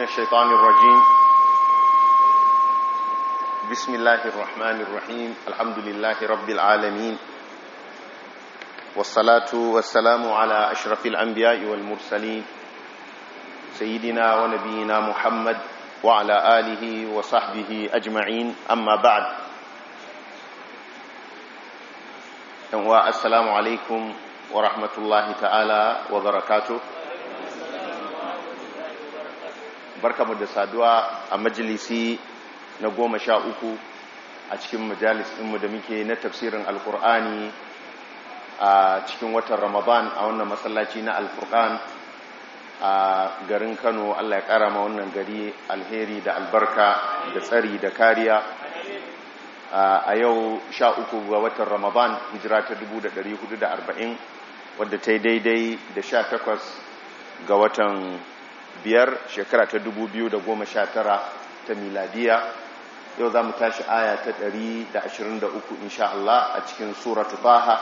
من الشيطان الرجيم بسم الله الرحمن الرحيم الحمد لله رب العالمين والصلاة والسلام على أشرف الأنبياء والمرسلين سيدنا ونبينا محمد وعلى آله وصحبه أجمعين أما بعد السلام عليكم ورحمة الله تعالى وبركاته barkamu da saduwa a majalisi na goma sha uku a cikin majalis ɗinmu da muke na tafsirin alkur'ani a cikin watan ramadan a wannan masallaci na alkur'an a garin kano allah ya ƙara ma wannan gari alheri da albarka da tsari da kariya a yau sha uku ga watan ramadan hijira ta dubu da arba'in, wadda ta yi daidai da sha takwas ga watan biyar shekara ta dubu biyu da goma sha tara ta miladiya yau za mu tashi aya ta da ashirin 123 insha Allah a cikin suratu baha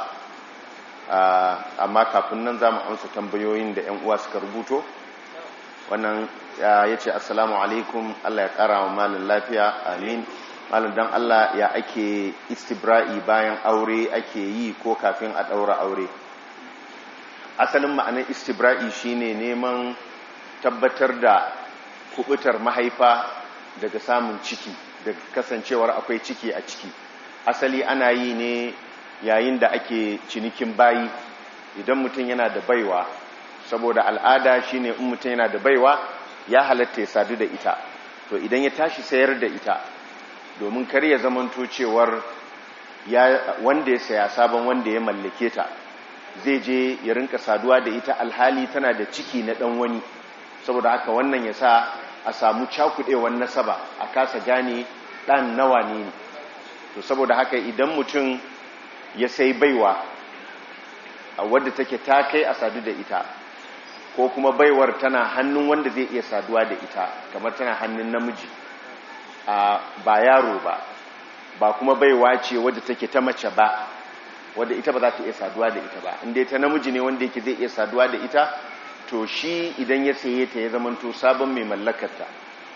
amma kafin nan za mu amsa tambayoyin da 'yan uwa suka rubuto wannan ya ce assalamu alaikum Allah ya kara wa malin lafiya amin malin don Allah ya ake istibra'i bayan aure ake yi ko kafin a ɗaura aure asalin ma'anar istibra'i shine neman tabbatar da kubutar mahaifa daga samun ciki daga kasancewar akwai ciki a ciki asali ana yi ne yayin da ake cinikin bayi idan mutum yana da baiwa saboda al'ada shine in mutum yana da baiwa ya halatta ya sadu da ita to idan ya tashi sayar da ita domin kar ya zamanto cewar wanda ya saya sabon wanda ya mallake ta zai je ya rinka saduwa da ita alhali tana da ciki na dan wani saboda haka wannan ya sa a samu cakudewar nasaba a kasa gane ɗan nawa ne to saboda haka idan mutum ya sai baiwa a wadda take ta kai a sadu da ita ko kuma baiwar tana hannun wanda zai iya saduwa da ita kamar tana hannun namiji ba yaro ba ba kuma baiwa ce wadda take ta mace ba wadda ita ba za ta iya saduwa da ita ba inda ta namiji ne wanda yake zai iya saduwa da ita to shi idan ya saye ta ya zamanto sabon mai mallakarta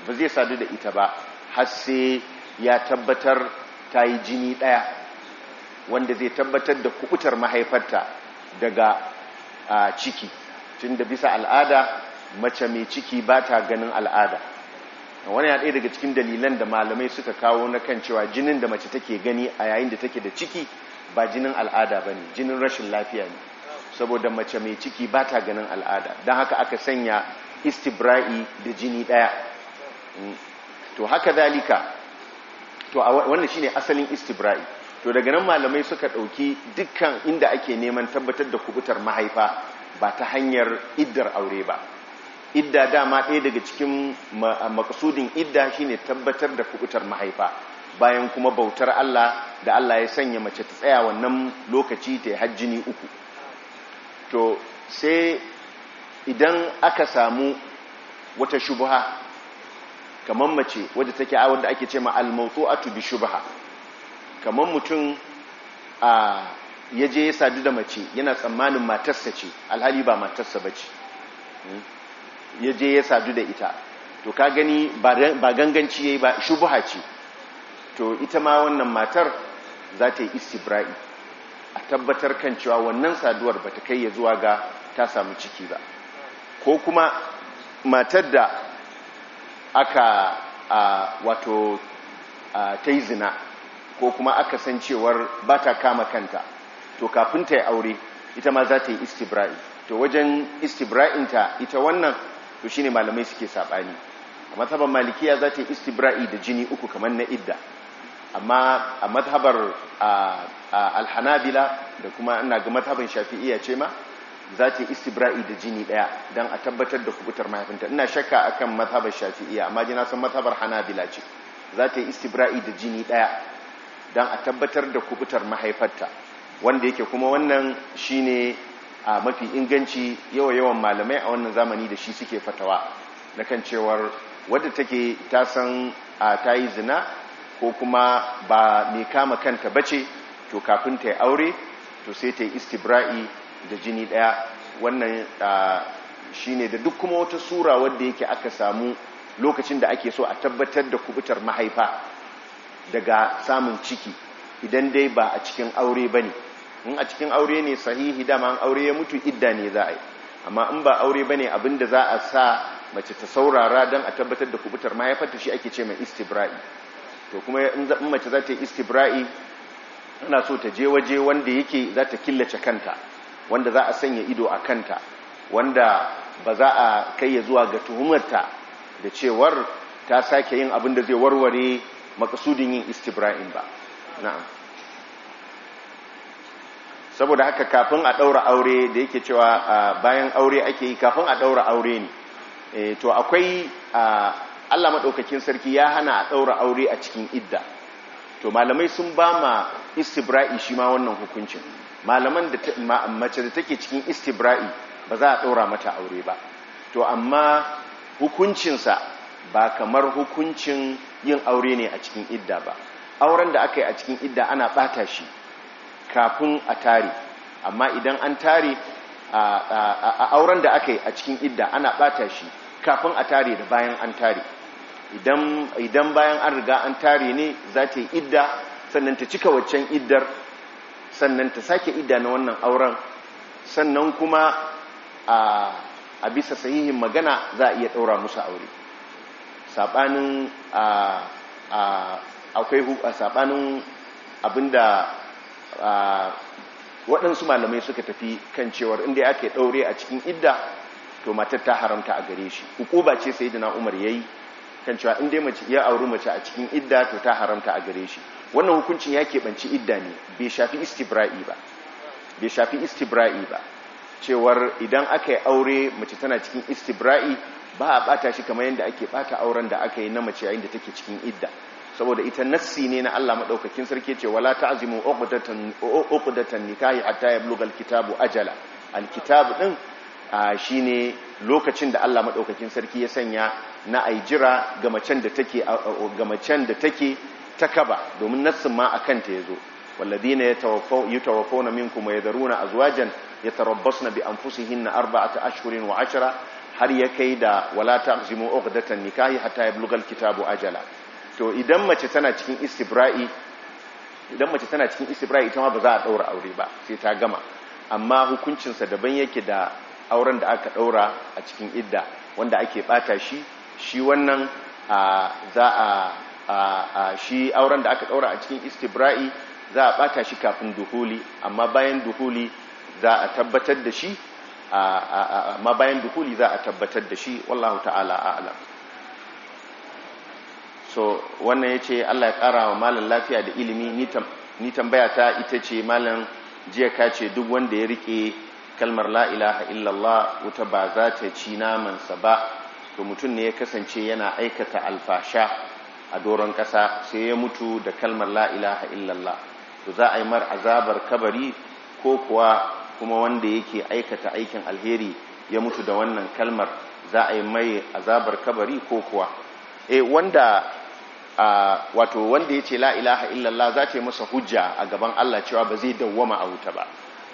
ba zai sadu da ita ba har sai ya tabbatar ta yi jini ɗaya wanda zai tabbatar da kubutar mahaifarta daga ciki tun da bisa al'ada mace mai ciki ba ta ganin al'ada wani ya ɗaya daga cikin dalilan da malamai suka kawo na kan cewa jinin da mace take gani a yayin da take da ciki ba jinin al'ada ba ne jinin rashin lafiya ne saboda mace mai ciki ba ta ganin al'ada don haka aka sanya istibra'i da jini ɗaya mm. to haka zalika to wannan shine asalin istibra'i to daga nan malamai suka ɗauki dukkan inda ake neman tabbatar da kubutar mahaifa ba ta hanyar iddar aure ba idda dama ɗaya daga cikin makasudin idda shine tabbatar da kubutar mahaifa bayan kuma bautar Allah da Allah ya sanya mace ta tsaya wannan lokaci ta yi hajjini uku to sai idan aka samu wata shubha kamar mace wadda take a wadda ake ce ma a tubi shubha kamar mutum a yaje ya sadu da mace yana tsammanin matarsa ce alhali ba matarsa ce. Hmm? yaje ya sadu da ita to ka gani ba ganganci ya yi ba shubha ce to ita ma wannan matar za ta yi istibra'i a tabbatar kan cewa wannan saduwar ba ta kai ya zuwa ga ta samu ciki ba ko kuma matar da aka wato ta yi zina ko kuma aka san cewar ba ta kama kanta to kafin ta yi aure ita ma za ta yi istibra'i to wajen istibra'inta ita wannan to shine malamai suke saɓani a matsaban malikiya za ta yi istibra'i da jini uku kamar na idda amma a mazhabar alhanabila da kuma ana ga mazhaban shafi'iya ce ma za ta istibra'i da jini daya don a tabbatar da kubutar mahaifinta ina shakka akan mazhabar shafi'iyya amma jina san mazhabar hanabila ce za ta istibra'i da jini daya don a tabbatar da kubutar mahaifarta wanda yake kuma wannan shine a mafi inganci yawa-yawan malamai a wannan zamani da shi suke fatawa na kan cewar wadda take ta san ta yi zina ko kuma ba mai kama kanta bace to kafin ta yi aure to sai ta yi istibra'i da jini daya wannan shi ne da duk kuma wata sura wadda yake aka samu lokacin da ake so a tabbatar da kubutar mahaifa daga samun ciki idan dai ba a cikin aure ba ne in a cikin aure ne sahihi dama an aure ya mutu idda ne za a yi amma in ba aure ba ne da za a sa mace ta saurara don a tabbatar da kubutar mahaifar ta shi ake ce mai istibra'i to kuma in mace za ta yi istibra'i ana so ta je waje wanda yake za ta killace kanta wanda za a sanya ido a kanta wanda ba za a kai ya zuwa ga tuhumarta da cewar ta sake yin abin da zai warware makasudin yin istibra'in ba na'am saboda haka kafin a ɗaura aure da yake cewa bayan aure ake yi kafin a ɗaura aure ne eh, to akwai a. Allah maɗaukakin sarki ya hana a ɗaura aure a cikin idda to malamai sun ba ma istibra'i shi ma wannan hukuncin malaman da mace da take cikin istibra'i ba za a ɗaura mata aure ba to amma hukuncinsa ba kamar hukuncin yin aure ne a cikin idda ba auren da aka yi a cikin idda ana ɓata shi kafin a tare amma idan an tare a auren da aka yi a cikin idda ana ɓata shi kafin a tare da bayan an tare idan bayan an riga an tare ne za ta yi idda sannan ta cika waccan iddar sannan ta sake idda na wannan auren sannan kuma a bisa sahihin magana za a iya ɗaura musu aure saɓanin akwai saɓanin abinda waɗansu malamai suka tafi kan cewar inda aka yi ɗaure a cikin idda to matar ta haramta a gare shi hukuba ce sai umar ya yi kan cewa in dai mace ya auri mace a cikin idda to ta haramta a gare shi wannan hukuncin ya keɓanci idda ne bai shafi istibra'i ba bai shafi istibra'i ba cewar idan aka yi aure mace tana cikin istibra'i ba a bata shi kamar yadda ake bata auren da aka yi na mace yayin da take cikin idda saboda ita nassi ne na Allah madaukakin sarki ce wala ta'zimu uqdatan uqdatan nikahi hatta yablugha kitabu ajala alkitabu din shine lokacin da Allah maɗaukakin sarki ya sanya na yi jira ga macen da take a kanta da take ta kaba domin nassin ma akan ta yazo walladina yatawaffawna minkum ya azwajan yatarabbasna bi anfusihinna ta ashhurin wa ashira har ya kai da wala taqzimu uqdatan nikahi hatta yablugha alkitabu ajala to idan mace tana cikin istibra'i idan mace tana cikin istibra'i ita ma ba za a daura aure ba sai ta gama amma hukuncinsa daban yake da auren da aka daura a cikin idda wanda ake bata shi shi wannan za a shi auren da aka daura a cikin istibra'i za a bata shi kafin duhuli amma bayan duhuli za a tabbatar da shi amma bayan duhuli za a tabbatar da shi wallahu ta'ala a'lam so wannan ya allah ya kara wa malam lafiya da ilimi ni tambaya ta ita ce malam jiya ka ce duk wanda ya rike kalmar la'ilaha ilaha illallah wuta ba za ta ci namansa ba to mutum ne ya kasance yana aikata alfasha a doron ƙasa sai ya mutu da kalmar la illallah to za a yi mar azabar kabari ko kuwa kuma wanda yake aikata aikin alheri ya mutu da wannan kalmar za a yi mai azabar kabari ko kuwa e wanda a wato wanda ya ce la'ilaha ilaha illallah za ta yi masa hujja a gaban Allah cewa ba zai dawwama a wuta ba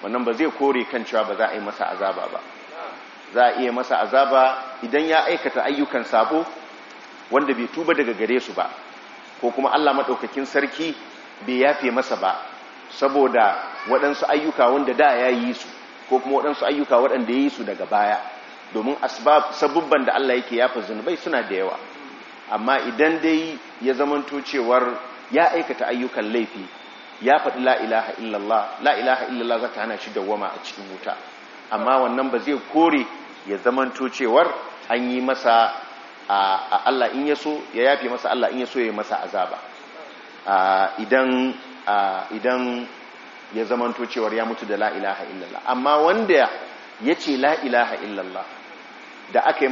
wannan ba zai kore kan cewa ba za a yi masa azaba ba za a iya masa azaba idan ya aikata ayyukan sabo wanda bai tuba daga gare su ba ko kuma Allah maɗaukakin sarki bai yafe masa ba saboda waɗansu ayyuka wanda da ya yi su ko kuma waɗansu ayyuka waɗanda ya yi su daga baya domin sabubban da Allah yake yafa zunubai suna da yawa amma idan dai ya zamanto cewar ya aikata ayyukan laifi ya faɗi la ilaha illallah la illallah za ta hana shi dawwama a cikin wuta amma wannan ba zai kore ya zamanto cewar an yi masa a Allah in yaso ya yafe masa Allah in yaso ya yi masa azaba idan ya zamanto cewar ya mutu da la illallah amma wanda ya ce la illallah da aka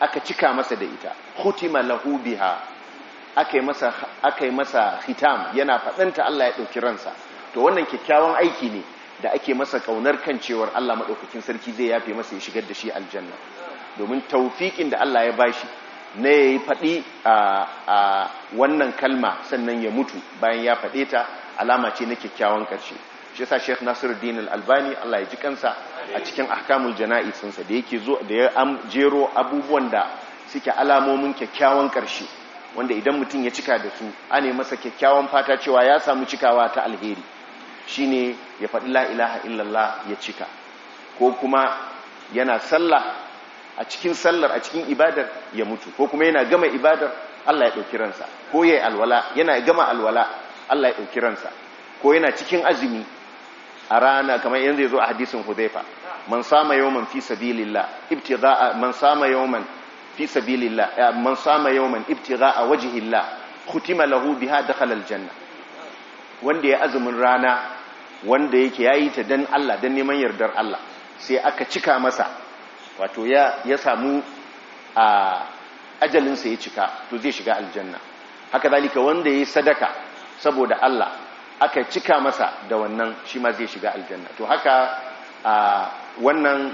aka cika masa da ita hutima lahu biha aka yi masa hitam yana fadanta Allah ya ɗauki ransa to wannan kyakkyawan aiki ne da ake masa kaunar kan cewar Allah maɗaukakin sarki zai yafe masa ya shigar da shi aljanna domin taufiƙin da Allah ya bashi na ya yi faɗi a wannan kalma sannan ya mutu bayan ya faɗe ta alama ce na kyakkyawan ƙarshe shi sa sheikh nasiruddin al-albani Allah ya ji kansa a cikin ahkamul jana'isinsa da yake zo da ya jero abubuwan da suke alamomin kyakkyawan ƙarshe wanda idan mutum ya cika da su ne masa kyakkyawan fata cewa ya samu cikawa ta alheri shi ne ya faɗi la'ilaha illallah ya cika ko kuma yana sallah a cikin sallar a cikin ibadar ya mutu ko kuma yana gama ibadar Allah ya ɗauki ransa ko ya alwala yana gama alwala Allah ya ɗauki ransa ko yana cikin azumi a rana kamar yanzu ya zo a hadisin hudaifa man sama yawman fi sabilillah a man sama yawman fi sabilillah man sama yawman ibtigha'a wajhillah khutima lahu biha dakhala aljanna wanda ya azumin rana wanda yake yayi ta dan Allah dan neman yardar Allah sai aka cika masa wato ya ya samu a ajalin sa ya cika to zai shiga aljanna haka zalika wanda yayi sadaka saboda Allah aka cika masa da wannan shi ma zai shiga aljanna to haka wannan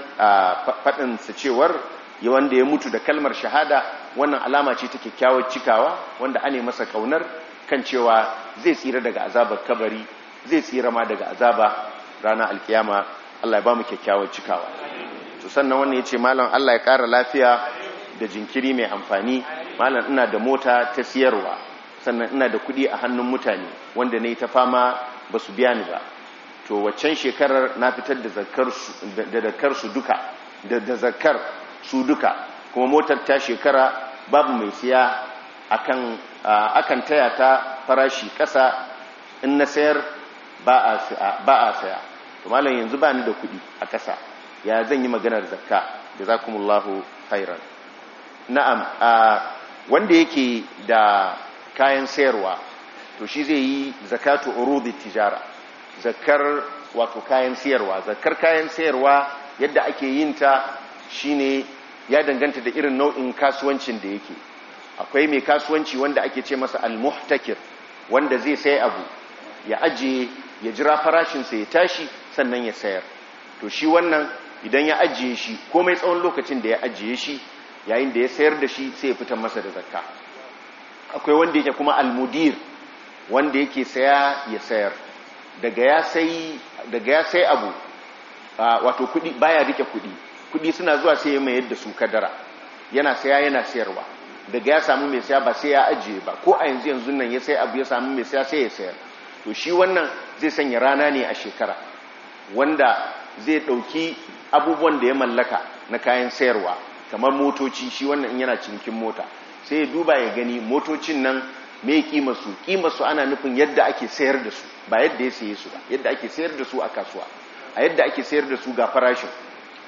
fadin sa cewar ya wanda ya mutu da kalmar shahada wannan alama ce ta kyakkyawar cikawa wanda ane masa kaunar kan cewa zai tsira daga azabar kabari zai tsira ma daga azaba ranar alkiyama Allah ya ba mu kyakkyawar cikawa to sannan wannan yace malam Allah ya kara lafiya da jinkiri mai amfani malam ina da mota ta siyarwa sannan ina da kuɗi a hannun mutane wanda na yi ta fama ba su biya ni ba to waccan shekarar na fitar da zakar su duka da da su duka kuma motar ta shekara babu mai siya akan akan taya ta farashi kasa in na sayar ba a saya to malam yanzu ba ni da kuɗi a kasa ya zan yi maganar zakka jazakumullahu khairan na'am wanda yake da kayan sayarwa to shi zai yi zakatu urudi tijara zakar wato kayan sayarwa zakar kayan sayarwa yadda ake yin ta shine ya danganta da irin nau'in kasuwancin da yake akwai mai kasuwanci wanda ake ce masa al wanda zai sai abu ya ajiye ya jira farashinsa ya tashi sannan ya sayar to shi wannan idan ya ajiye shi komai tsawon lokacin da ya ajiye shi yayin da ya sayar da shi sai ya fita masa da zakka akwai wanda yake kuma almudir wanda yake saya ya sayar daga ya sai abu wato kudi baya rike kudi kuɗi suna zuwa sai ya mayar da su kadara yana saya yana sayarwa daga ya samu mai saya ba sai ya ajiye ba ko a yanzu yanzu nan ya sai abu ya samu mai saya sai ya sayar to shi wannan zai sanya rana ne a shekara wanda zai ɗauki abubuwan da ya mallaka na kayan sayarwa kamar motoci shi wannan yana cinikin mota sai ya duba ya gani motocin nan me kima su kima su ana nufin yadda ake sayar da su ba yadda ya saye su ba yadda ake sayar da su a kasuwa a yadda ake sayar da su ga farashin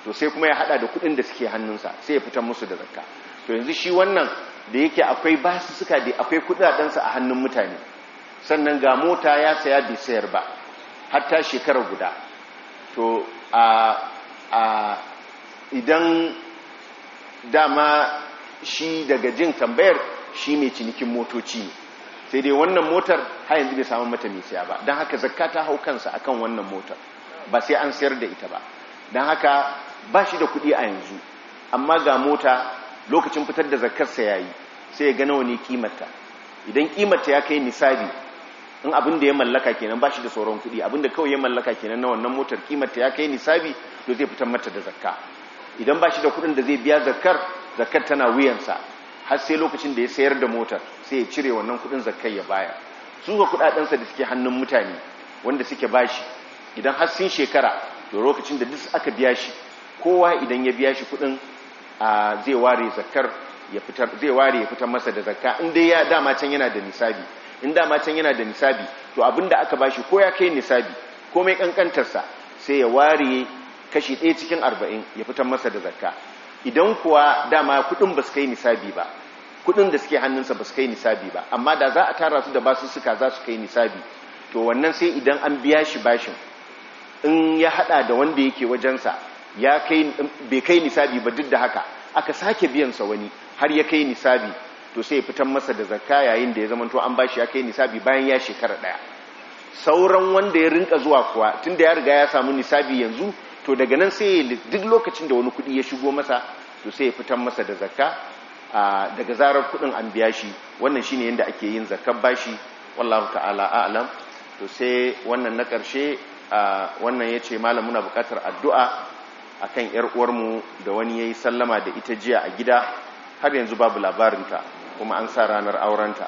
to sai kuma ya hada da kudin da suke hannunsa sai ya fitar musu da zakka to yanzu shi wannan da yake akwai basu suka da akwai kudadensa a hannun mutane sannan ga mota ya saya bai sayar ba hatta shekara guda to a a idan dama shi daga jin tambayar shi mai cinikin motoci sai dai wannan motar har yanzu bai samu mata mai saya ba don haka zakka ta hau kansa akan wannan motar ba sai an sayar da ita ba don haka ba shi da kuɗi a yanzu amma ga mota lokacin fitar da zakarsa ya yi sai ya gana wani kimata idan kimata ya kai nisabi in abin da ya mallaka kenan ba shi da sauran kuɗi abin da kawai ya mallaka kenan na wannan motar kimata ya kai nisabi to zai fitar mata da zakka idan ba shi da kuɗin da zai biya zakar zakar tana wuyansa har sai lokacin da ya sayar da motar sai ya cire wannan kuɗin zakar ya baya su ga kudadensa da suke hannun mutane wanda suke bashi idan har sun shekara to lokacin da duk aka biya shi kowa idan ya biya shi kudin zai ware zakar ya fitar zai ware ya fitar masa da zakka in dai ya dama can yana da nisabi in dama can yana da nisabi to abinda aka bashi ko ya kai nisabi ko mai kankantar sa sai ya ware kashi 1 cikin 40 ya fitar masa da zakka idan kuwa dama kudin ba su kai nisabi ba kudin da suke hannunsa ba su kai nisabi ba amma da za a tara su da basu suka za su kai nisabi to wannan sai idan an biya shi bashin in ya hada da wanda yake wajensa ya kai bai kai nisabi ba duk da haka aka sake biyan sa wani har ya kai nisabi to sai ya fitan masa da zakka yayin da ya zamanto an bashi ya kai nisabi bayan ya shekara daya sauran wanda ya rinka zuwa kuwa tunda ya riga ya samu nisabi yanzu to daga nan sai duk lokacin da wani kudi ya shigo masa to sai ya fitan masa da zakka daga zarar kudin an biya shi wannan shine yanda ake yin zakkar bashi wallahu ta'ala a'lam to sai wannan na karshe wannan yace malam muna buƙatar addu'a akan yar uwarmu da wani yayi sallama da ita jiya a gida har yanzu babu labarin ta kuma an sa ranar aurenta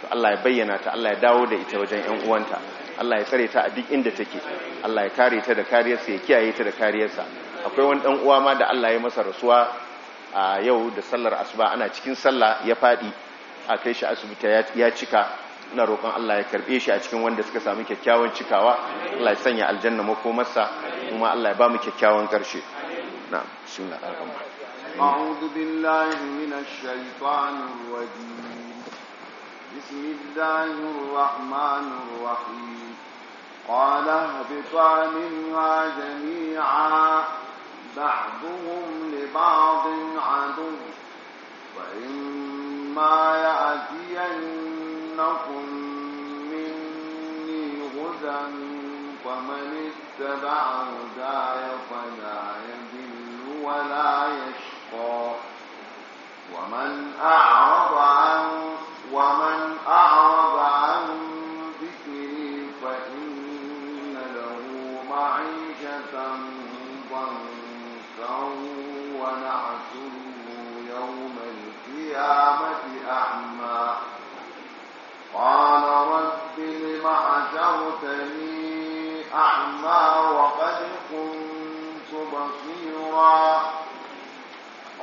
to Allah ya bayyana ta Allah ya dawo da ita wajen 'yan uwanta Allah ya tsare ta a duk inda take Allah ya kare ta da kariyarsa ya kiyaye ta da kariyarsa akwai wani dan uwa ma da Allah ya masa rasuwa a yau da sallar asuba ana cikin sallah ya fadi a kai shi asibiti ya cika ina roƙon Allah ya karɓe shi a cikin wanda suka sami kyakkyawan cikawa Allah ya sanya aljanna masa. kuma Allah ya ba mu kyakkyawan ƙarshe na bismillah arrahman a'udhu billahi minash shaitanir rajim bismillahir rahmanir rahim qala habita minha jami'a ba'duhum li ba'din 'adu wa imma ya'tiyanna لَكُمْ مِنِّي هُدًى فَمَنِ اتَّبَعَ هُدَايَ فَلَا يذل وَلَا يَشْقَى وَمَنْ أَعْرَضَ عَنْ وَمَنْ أَعْرَضَ عَنْ ذِكْرِي فَإِنَّ لَهُ مَعِيشَةً ضَنكًا وَنَحْشُرُهُ يَوْمَ الْقِيَامَةِ أَعْمَى قال رب لم حشرتني أعمى وقد كنت بصيرا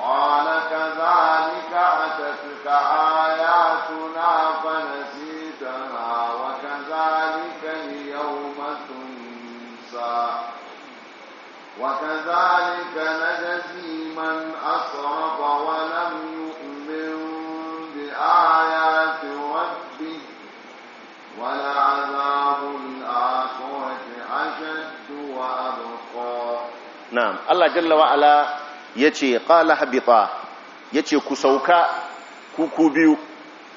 قال كذلك أتتك آياتنا فنسيتها وكذلك اليوم تنسى وكذلك نجزي من أسرف ولم na'am Allah jalla wa ala yace qala habita yace ku sauka ku ku biyu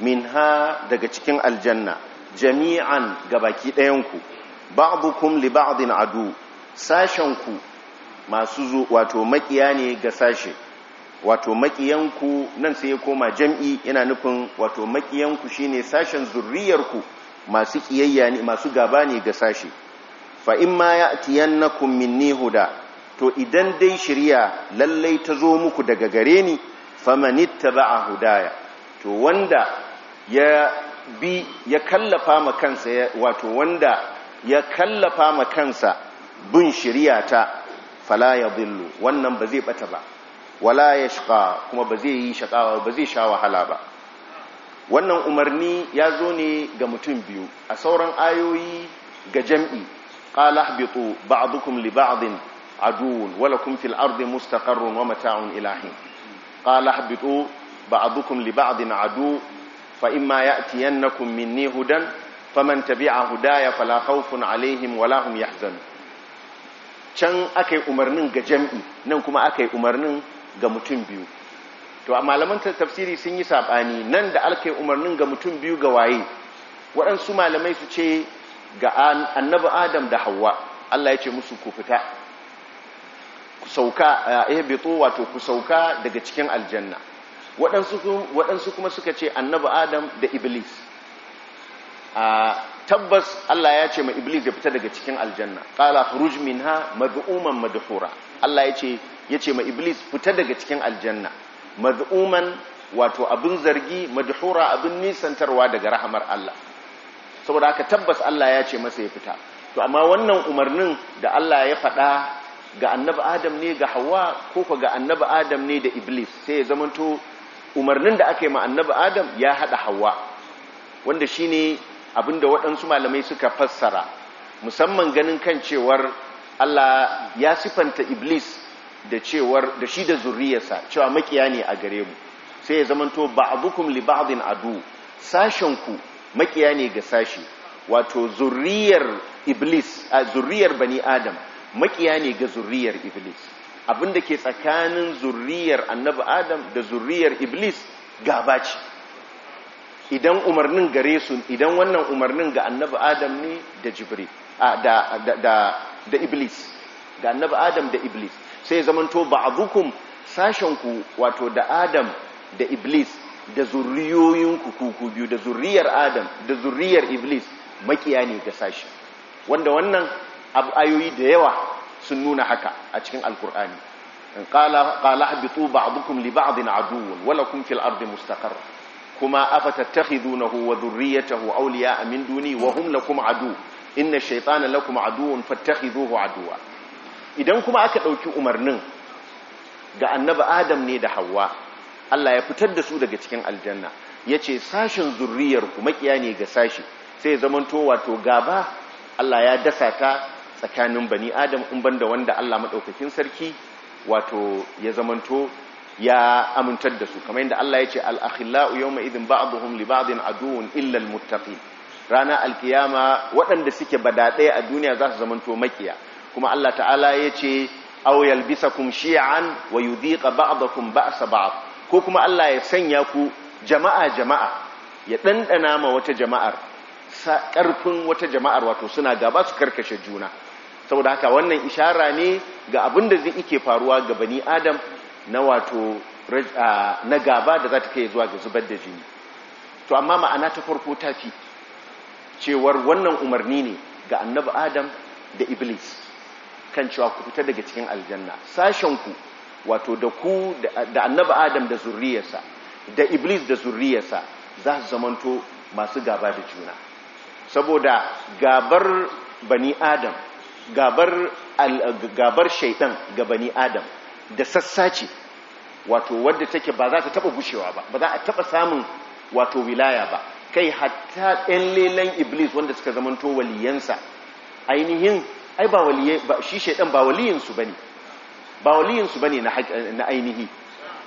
minha daga cikin aljanna jami'an gabaki ɗayan ku ba'dukum li ba'din adu sashen ku masu zu wato makiya ne ga sashe wato makiyan ku nan sai ya koma jam'i yana nufin wato makiyan ku shine sashen ku masu kiyayya ne masu gaba ne ga sashe fa imma ya'tiyannakum minni huda to idan dai shirya lallai ta zo muku daga gare ni ba a hudaya to wanda ya bi ya kallafa ma kansa wato wanda ya kallafa ma kansa bin shirya ta fala ya billu wannan ba zai bata ba wala ya shaka kuma ba zai yi shakawa ba zai sha wahala ba wannan umarni ya zo ne ga mutum biyu a sauran ayoyi ga jam'i qala ihbitu ba'dukum li ba'din عدو ولكم في الأرض مستقر ومتاع إلى حين قال اهبطوا بعضكم لبعض عدو فإما يأتينكم مني هدى faman tabi'a hudaya fala khawfun alaihim wala hum yahzan can akai umarnin ga jam'i nan kuma akai umarnin ga mutum biyu to malaman tafsiri sun yi sabani nan da alkai umarnin ga mutum biyu ga waye waɗansu malamai su ce ga annabi adam da hawa Allah ya ce musu ku fita ku sauka ihbitu wato ku sauka daga cikin aljanna waɗansu kuma suka ce annabi adam da iblis A tabbas Allah ya ce ma iblis ya fita daga cikin aljanna qala khruj minha mad'uman madhura Allah ya ce ma iblis fita daga cikin aljanna mad'uman wato abin zargi madhura abin nisantarwa daga rahamar Allah saboda haka tabbas Allah ya ce masa ya fita to amma wannan umarnin da Allah ya faɗa ga annabi adam ne ga hawa ko ko ga annabi adam ne da iblis sai ya zamanto umarnin da aka yi ma annabi adam ya hada hawa wanda shine abinda waɗansu malamai suka fassara musamman ganin kan cewar Allah ya sifanta iblis da cewar da shi da zuriyarsa cewa makiya ne a gare mu sai ya zamanto ba'dukum li ba'din adu ku makiya ne ga sashi wato zuriyar iblis a zuriyar bani adam makiya ne ga zurriyar iblis abinda ke tsakanin zurriyar annabi adam da zurriyar iblis gaba ce idan umarnin gare su idan wannan umarnin ga annabi adam ne da jibril da iblis ga annabi adam da iblis sai zamanto ba'dukum sashenku wato da adam da iblis da zuriyoyinku kuku biyu da zurriyar adam da zurriyar iblis makiya ne ga sashi wanda wannan ayoyi da yawa sun nuna haka a cikin alkur'ani qala habitu ba'dukum li ba'din aduwwun wa lakum fil ardi mustaqarr kuma afatattakhidunahu wa dhurriyyatahu awliya'a min duni wa hum lakum adu inna shaytana lakum aduwwun fattakhidhuhu aduwwa idan kuma aka dauki umarnin ga annabi adam ne da Hawwa, Allah ya fitar da su daga cikin aljanna yace sashin zurriyar ku makiya ne ga sashi sai zamanto wato gaba Allah ya dasa ta tsakanin bani adam in banda wanda Allah madaukakin sarki wato ya zamanto ya amintar da su kamar yadda Allah ya ce al-akhillau yawma izin ba'dhum li ba'din aduwwun illa rana alkiyama waɗanda suke badaɗe a duniya za su zamanto makiya kuma Allah ta'ala ya ce bisa kum shi'an wa yudhiqa ba'dakum ba'sa ba'd ko kuma Allah ya sanya ku jama'a jama'a ya ɗanɗana ma wata jama'ar karfin wata jama'ar wato suna gaba su karkashe juna saboda haka wannan ishara ne ga abin da zai ike faruwa ga bani adam na wato na gaba da za ta kai zuwa ga zubar da jini to amma ma'ana ta farko ta fi cewar wannan umarni ne ga annabi adam da iblis kan cewa ku fita daga cikin aljanna sashenku wato da ku da annabi adam da zurriyarsa da iblis da zurriyarsa za su zamanto masu gaba da juna saboda gabar bani adam gabar shaidan ga bani adam da sassace wato wadda take ba za ta taba gushewa ba ba za a taba samun wato wilaya ba kai hatta ɗan lelan iblis wanda suka zamanto waliyansa ainihin ai ba waliyai ba shi shaidan ba waliyinsu bane ba waliyinsu bane na na ainihi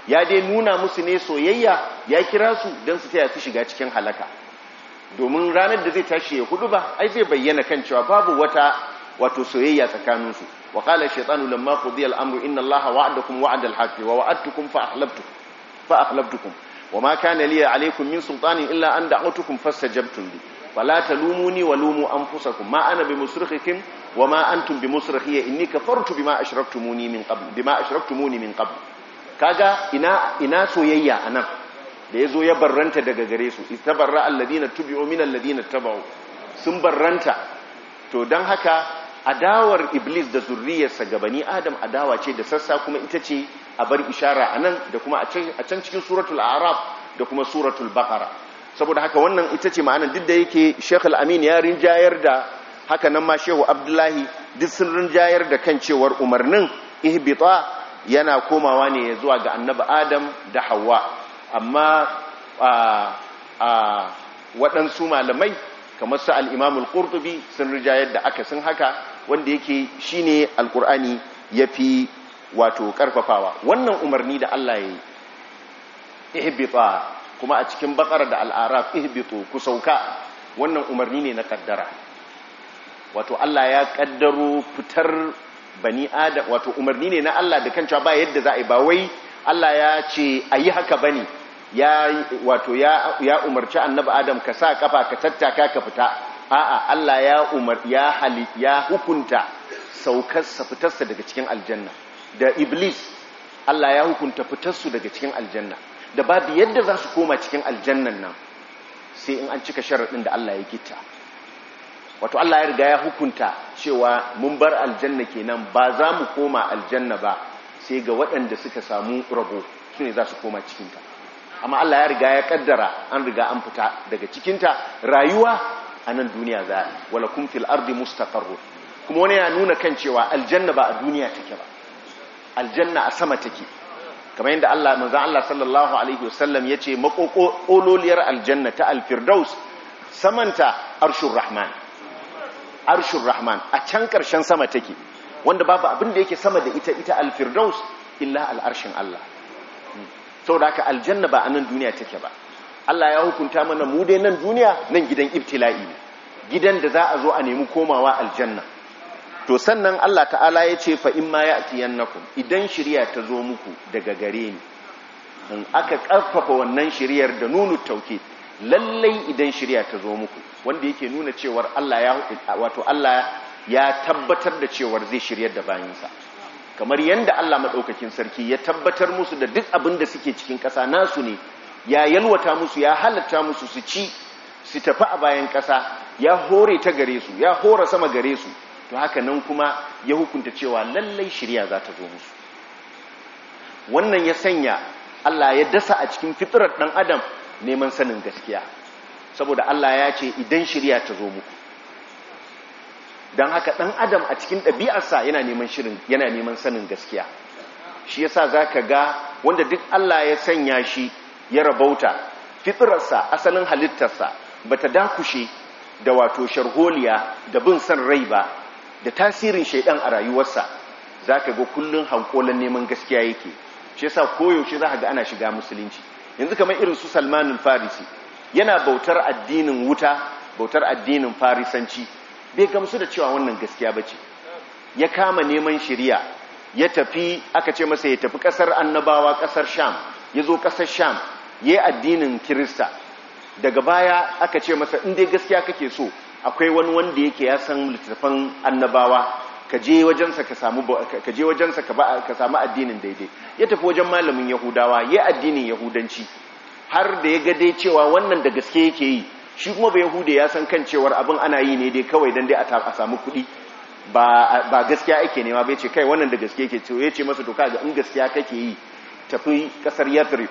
ya dai nuna musu ne soyayya ya kira su don su taya su shiga cikin halaka domin ranar da zai tashi ya hudu ba ai zai bayyana kan cewa babu wata wato soyayya tsakaninsu wa qala shaytanu lamma qudiya al-amru inna allaha wa'adakum wa'ada al-haqqi wa wa'adtukum fa ahlabtukum fa ahlabtukum wa ma kana liya alaykum min sultanin illa an da'utukum fastajabtum li wala talumuni wa lumu anfusakum ma ana bimusrikhikum wa ma antum bimusrikhiya inni kafartu bima ashraktumuni min qabl bima ashraktumuni min qabl kaga ina ina soyayya anan da yazo ya barranta daga gare su istabarra alladina tubi'u min alladina tabu sun barranta to dan haka adawar iblis da zurriyarsa gabani adam adawa ce da sassa kuma ita ce a bar ishara a nan da kuma a can cikin suratul araf da kuma suratul baqara saboda haka wannan ita ce ma'anar duk da yake shekul amin ya rinjayar da haka nan ma shehu abdullahi duk sun rinjayar da kan cewar umarnin ihbita yana komawa ne zuwa ga annabi adam da hawa amma a waɗansu malamai kamar su al'imamul ƙurtubi sun rijayar da aka sun haka wanda yake shine alkur'ani fi wato karfafawa wannan umarni da Allah ya yi ihibita kuma a cikin bakara da al'araf ihibito ku sauka wannan umarni ne na kaddara wato Allah ya kaddaro fitar bani adam wato umarni ne na Allah da cewa ba yadda za a yi ba wai Allah ya ce ayi haka bane ya wato ya ya umarci annabi adam ka sa kafa ka tattaka ka fita a'a Allah ya umar ya hali ya hukunta saukarsa fitarsa daga cikin aljanna da iblis Allah ya hukunta fitarsu daga cikin aljanna da babu yadda za su koma cikin aljannan nan sai in an cika sharaɗin da Allah ya gita wato Allah ya riga ya hukunta cewa mun bar aljanna kenan ba za mu koma aljanna ba sai ga waɗanda suka samu rabo su ne za su koma cikinta amma Allah ya riga ya ƙaddara an riga an fita daga cikinta rayuwa a nan duniya za a wala kun fil ardi mustaqarru kuma wani ya nuna kan cewa aljanna ba a duniya take ba aljanna a sama take kamar yadda Allah manzo Allah sallallahu alaihi wasallam yace makokololiyar aljanna ta alfirdaus samanta arshur rahman arshur rahman a can karshen sama take wanda babu abin da yake sama da ita ita alfirdaus illa al'arshin Allah hmm. saboda haka aljanna ba a nan duniya take ba Allah ya hukunta mana mu dai nan duniya nan gidan ibtila'i gidan da za a zo a nemi komawa aljanna to sannan Allah ta'ala ya ce fa in ma ya'tiyannakum idan shirya ta zo muku daga gare ni in aka karfafa wannan shiryar da nunu tauke lallai idan shirya ta zo muku wanda yake nuna cewar Allah ya wato Allah ya tabbatar da cewar zai shiryar da bayinsa kamar yadda Allah maɗaukakin sarki ya tabbatar musu da duk abin da suke cikin ƙasa nasu ne ya yalwata musu ya halatta musu su ci su tafi a bayan ƙasa ya hore ta gare su ya hora sama gare su to haka nan kuma ya hukunta cewa lallai shirya za ta zo musu wannan ya sanya Allah ya dasa a cikin fitirar ɗan adam neman sanin gaskiya saboda Allah ya ce idan shirya ta zo muku don haka ɗan adam a cikin ɗabi'arsa yana neman shirin yana neman sanin gaskiya shi yasa ka ga wanda duk Allah ya sanya shi ya rabauta fitirarsa asalin halittarsa bata dakushe da wato sharholiya da bin san rai ba da tasirin shaidan a rayuwarsa zaka ga kullum hankolan neman gaskiya yake shi yasa koyaushe za ga ana shiga musulunci yanzu kamar irin su salmanin farisi yana bautar addinin wuta bautar addinin farisanci bai gamsu da cewa wannan gaskiya bace ya kama neman shiriya ya tafi aka ce masa ya tafi ƙasar annabawa ƙasar sham ya zo ƙasar sham yayi addinin kirista daga baya aka ce masa in dai gaskiya kake so akwai wani wanda yake ya san littattafan annabawa ka je wajensa ka samu addinin daidai ya tafi wajen malamin yahudawa yayi addinin yahudanci har da ya gade cewa wannan da gaske yake yi shi kuma ba yahude ya san kan cewar abin ana yi ne dai kawai don dai a samu kuɗi ba gaskiya ake nema bai ce kai wannan da gaske yake ce ya ce masa doka ga in gaskiya kake yi tafi kasar yathrib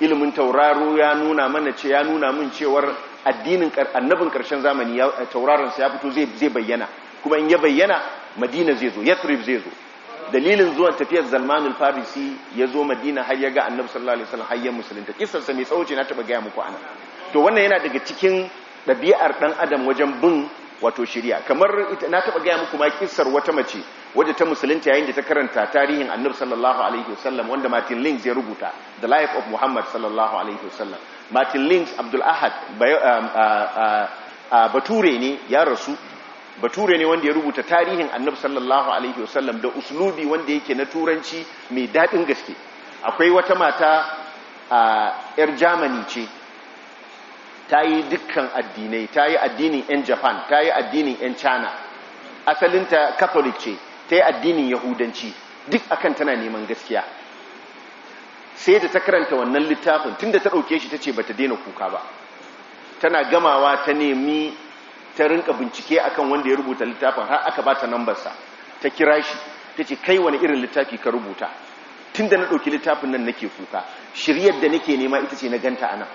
ilimin tauraro ya nuna mana ce ya nuna mun cewar addinin annabin karshen zamani tauraron sa ya fito zai zai bayyana kuma in ya bayyana madina zai zo yathrib zai zo dalilin zuwan tafiyar zalmanul farisi ya zo madina har ya ga annabi sallallahu alaihi wasallam har ya musulunta kissar sa mai tsawo ce na taba gaya muku ana to wannan yana daga cikin ɗabi'ar ɗan adam wajen bin wato shirya kamar na taba gaya muku ma kissar wata mace wadda ta musulunta yayin da ta karanta tarihin annabi sallallahu alaihi wasallam wanda Martin Links ya rubuta the life of Muhammad sallallahu alaihi wasallam Martin Links Abdul Ahad um, uh, uh, uh, bature ne ya rasu bature ne wanda ya rubuta tarihin annabi sallallahu alaihi wasallam da uslubi wanda yake na turanci mai dadin gaske akwai wata mata yar Germany ce ta yi dukkan addinai ta yi addinin 'yan japan ta yi addinin 'yan china asalinta catholic ce ta yi addinin yahudanci duk akan tana neman gaskiya sai da ta karanta wannan littafin tun da ta ɗauke shi ta ce ba ta daina kuka ba tana gamawa ta nemi ta rinka bincike akan wanda ya rubuta littafin har aka ba ta nambarsa ta kira shi ta ce kai wani irin littafi ka rubuta tun da na ɗauki littafin nan nake kuka shiryar da nake nema ita ce na ganta a nan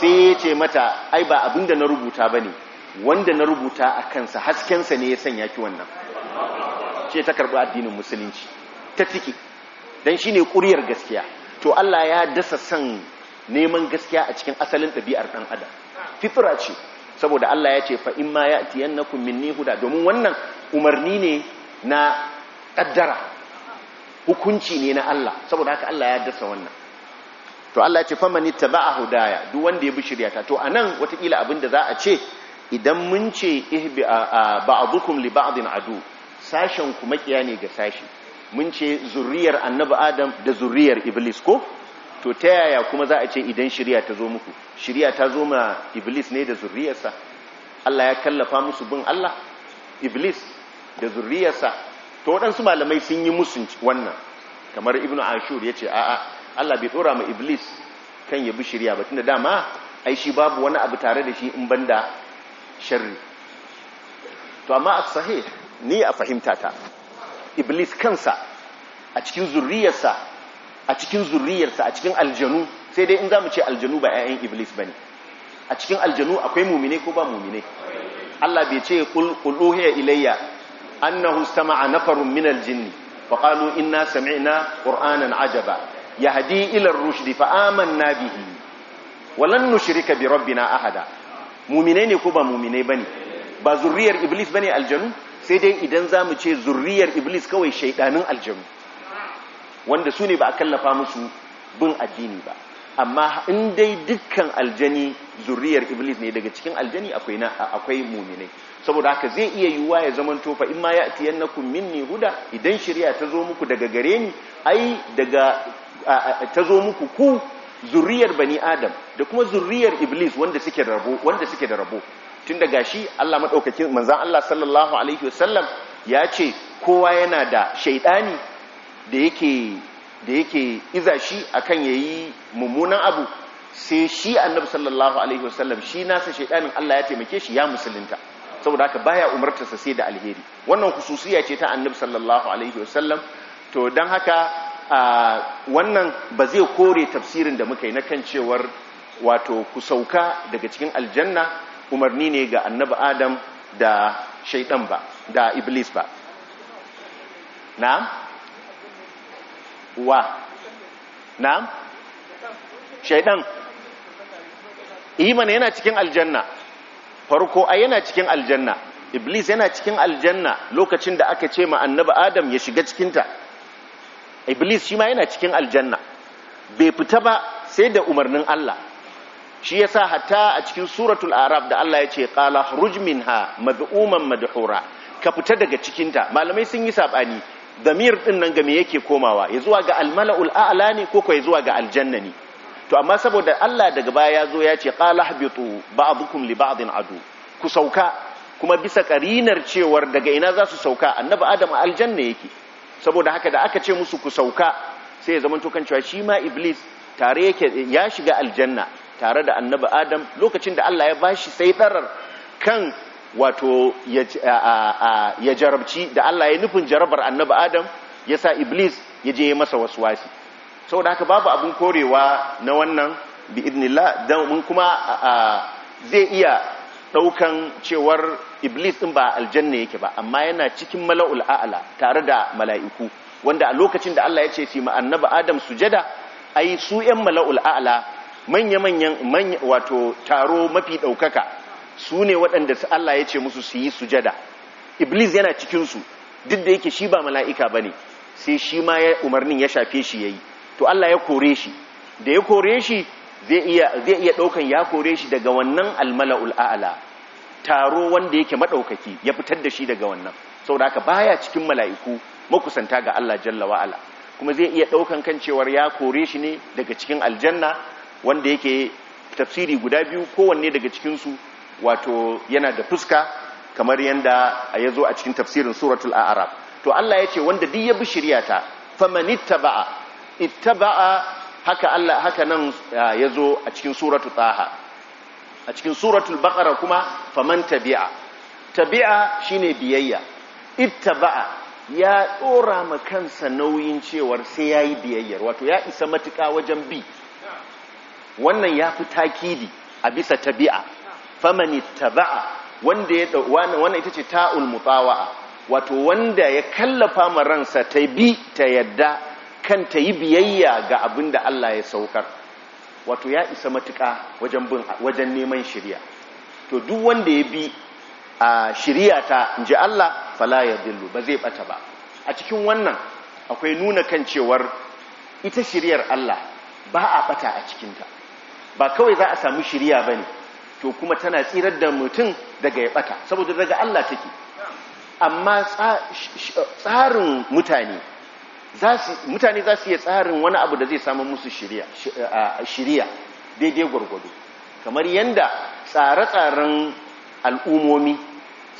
sai ya ce mata ai ba abin da na rubuta ba ne wanda na rubuta a kansa haskensa ne ya sanya ki wannan ce ta karɓi addinin musulunci ta tiki don shi ne ƙuriyar gaskiya to Allah ya dasa san neman gaskiya a cikin asalin ɗabi'ar ɗan adam fitra ce saboda Allah ya ce fa'in ma ya tiyan na ni huda domin wannan umarni ne na ƙaddara hukunci ne na Allah saboda haka Allah ya dasa wannan to Allah ce faman ittaba'a hudaya duk wanda ya bi shiryata to anan watakila abinda za a ce idan mun ce ihbi ba'dukum li ba'din adu sashen ku makiya ne ga sashi mun ce zuriyar annabi adam da zuriyar iblis ko to ta yaya kuma za a ce idan shirya ta zo muku shirya ta zo ma iblis ne da zuriyarsa Allah ya kallafa musu bin Allah iblis da zuriyarsa to waɗansu malamai sun yi musu wannan kamar ibnu ashur ya ce a'a Allah bai dora ma iblis kan ya bi shirya ba tunda dama ai shi babu wani abu tare da shi in banda sharri to amma a sahih ni a fahimta ta iblis kansa a cikin zurriyarsa a cikin zurriyarsa a cikin aljanu sai dai in zamu ce aljanu ba ƴaƴan iblis bane a cikin aljanu akwai mumine ko ba mumine Allah bai ce qul quluhiya ilayya annahu istama'a nafarun min aljinni fa qalu inna sami'na qur'anan ajaba yahdi ila rushd fa amanna bihi walan nushrika bi rabbina ahada muminai ne ko ba mu'mine bane ba zurriyar iblis bane aljanu sai dai idan zamu ce zurriyar iblis kawai shaydanin aljanu wanda su ne ba a kallafa musu bin addini ba amma in dai dukkan aljani zurriyar iblis ne daga cikin aljani akwai na akwai mu'mine saboda haka zai iya yiwuwa ya zaman tofa in ma ya atiyannakum minni huda idan shari'a ta zo muku daga gare ni ai daga ta zo muku ku zuriyar bani adam da kuma zuriyar iblis wanda suke da rabo wanda tun da gashi Allah madaukakin manzon Allah sallallahu alaihi wasallam ya ce kowa yana da shaidani da yake da yake iza shi akan yayi mummunan abu sai shi annabi sallallahu alaihi wasallam shi nasa shaidanin Allah ya taimake shi ya musulunta saboda haka baya umartarsa sai da alheri wannan khususiya ce ta annabi sallallahu alaihi wasallam to don haka wannan ba zai kore tafsirin da muka yi na kan cewar wato ku sauka daga cikin aljanna umarni ne ga annabi adam da shaidan ba da iblis ba na'am wa na'am shaidan imana yana cikin aljanna farko a yana cikin aljanna iblis yana cikin aljanna lokacin da aka ce ma annabi adam ya shiga cikinta iblis shi ma yana cikin aljanna bai fita ba sai da umarnin Allah shi yasa hatta a cikin suratul arab da Allah ya ce qala khruj minha mad'uman madhura ka fita daga cikin ta malamai sun yi sabani damir din nan ga me yake komawa ya zuwa ga almala'ul a'la ne ko ko ya zuwa ga aljanna ne to amma saboda Allah daga baya ya zo ya ce qala habitu ba'dukum li ba'din adu ku sauka kuma bisa karinar cewar daga ina za su sauka annabi adam aljanna yake saboda haka da aka ce musu ku sauka sai ya zamanto kan cewa shi ma iblis tare yake ya shiga aljanna tare da annabi adam lokacin da Allah ya bashi sai kan wato ya jarabci da Allah ya nufin jarabar annabi adam ya sa iblis ya je masa wasu waswasi saboda haka babu abin korewa na wannan bi idnillah dan mun kuma zai iya Daukan cewar iblis din ba aljanna yake ba amma yana cikin mala'ul a'ala tare da mala'iku wanda a lokacin da Allah ya ce fi annabi adam sujada ai su ‘yan mala'ul a'ala manya-manyan wato taro mafi ɗaukaka su ne waɗanda Allah ya ce musu su yi sujada iblis yana cikin su duk da yake shi ba mala'ika ba ne sai shi ma umarnin ya shafe shi yayi to Allah ya kore shi da ya kore shi zai iya ɗaukan ya kore shi daga wannan almala'ul a'la taro wanda yake maɗaukaki ya fitar da shi daga wannan saboda haka baya cikin mala'iku makusanta ga Allah jalla wa kuma zai iya ɗaukan kan cewar ya kore shi ne daga cikin aljanna wanda yake tafsiri guda biyu kowanne daga cikin su wato yana da fuska kamar yanda ya zo a cikin tafsirin suratul a'raf to Allah ya ce wanda duk ya bi shirya ta famanittaba'a ittaba'a haka Allah haka nan ya zo a cikin suratu taha a cikin suratul baqara kuma faman tabi'a tabi'a shine biyayya ittaba'a ya dora ma kansa nauyin cewar sai yayi biyayyar wato ya isa matuka wajen bi wannan ya fi takidi a bisa tabi'a faman ittaba'a wanda ya wannan ita ce ta'ul mutawa'a wato wanda ya kallafa ma ransa ta bi ta yadda kan ta yi biyayya ga abin da Allah ya saukar wato ya isa matuka wajen neman shirya to duk wanda ya bi a shirya ta in ji Allah fala ya dillu ba zai bata ba a cikin wannan akwai nuna kan cewar ita shiryar Allah ba a bata a cikinta ba kawai za a samu shirya ba ne to kuma tana tsirar da mutum daga ya bata saboda daga Allah take amma tsarin mutane mutane za su yi tsarin wani abu da zai samu musu shirya daidai gwargwado kamar yadda tsare-tsaren al'umomi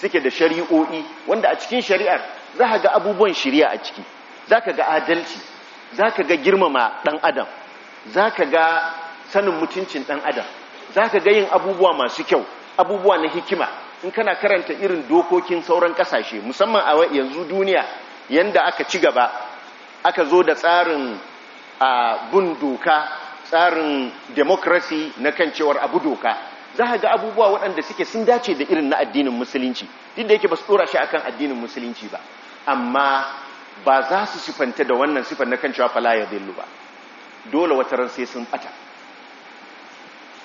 suke da shari'o'i wanda a cikin shari'ar za ka ga abubuwan shiriya a ciki za ka ga adalci za ka ga girmama ɗan adam za ka ga sanin mutuncin ɗan adam za ka ga yin abubuwa masu kyau abubuwa na hikima in kana karanta irin dokokin sauran ƙasashe musamman a yanzu duniya yanda aka ci gaba aka zo da tsarin bin doka tsarin demokrasi na kan cewar abu doka za a ga abubuwa waɗanda suke sun dace da irin na addinin musulunci duk da yake ba su ɗora shi akan addinin musulunci ba amma ba za su sifanta da wannan sifan na kan cewa fala ya ba dole wata ran sai sun ɓata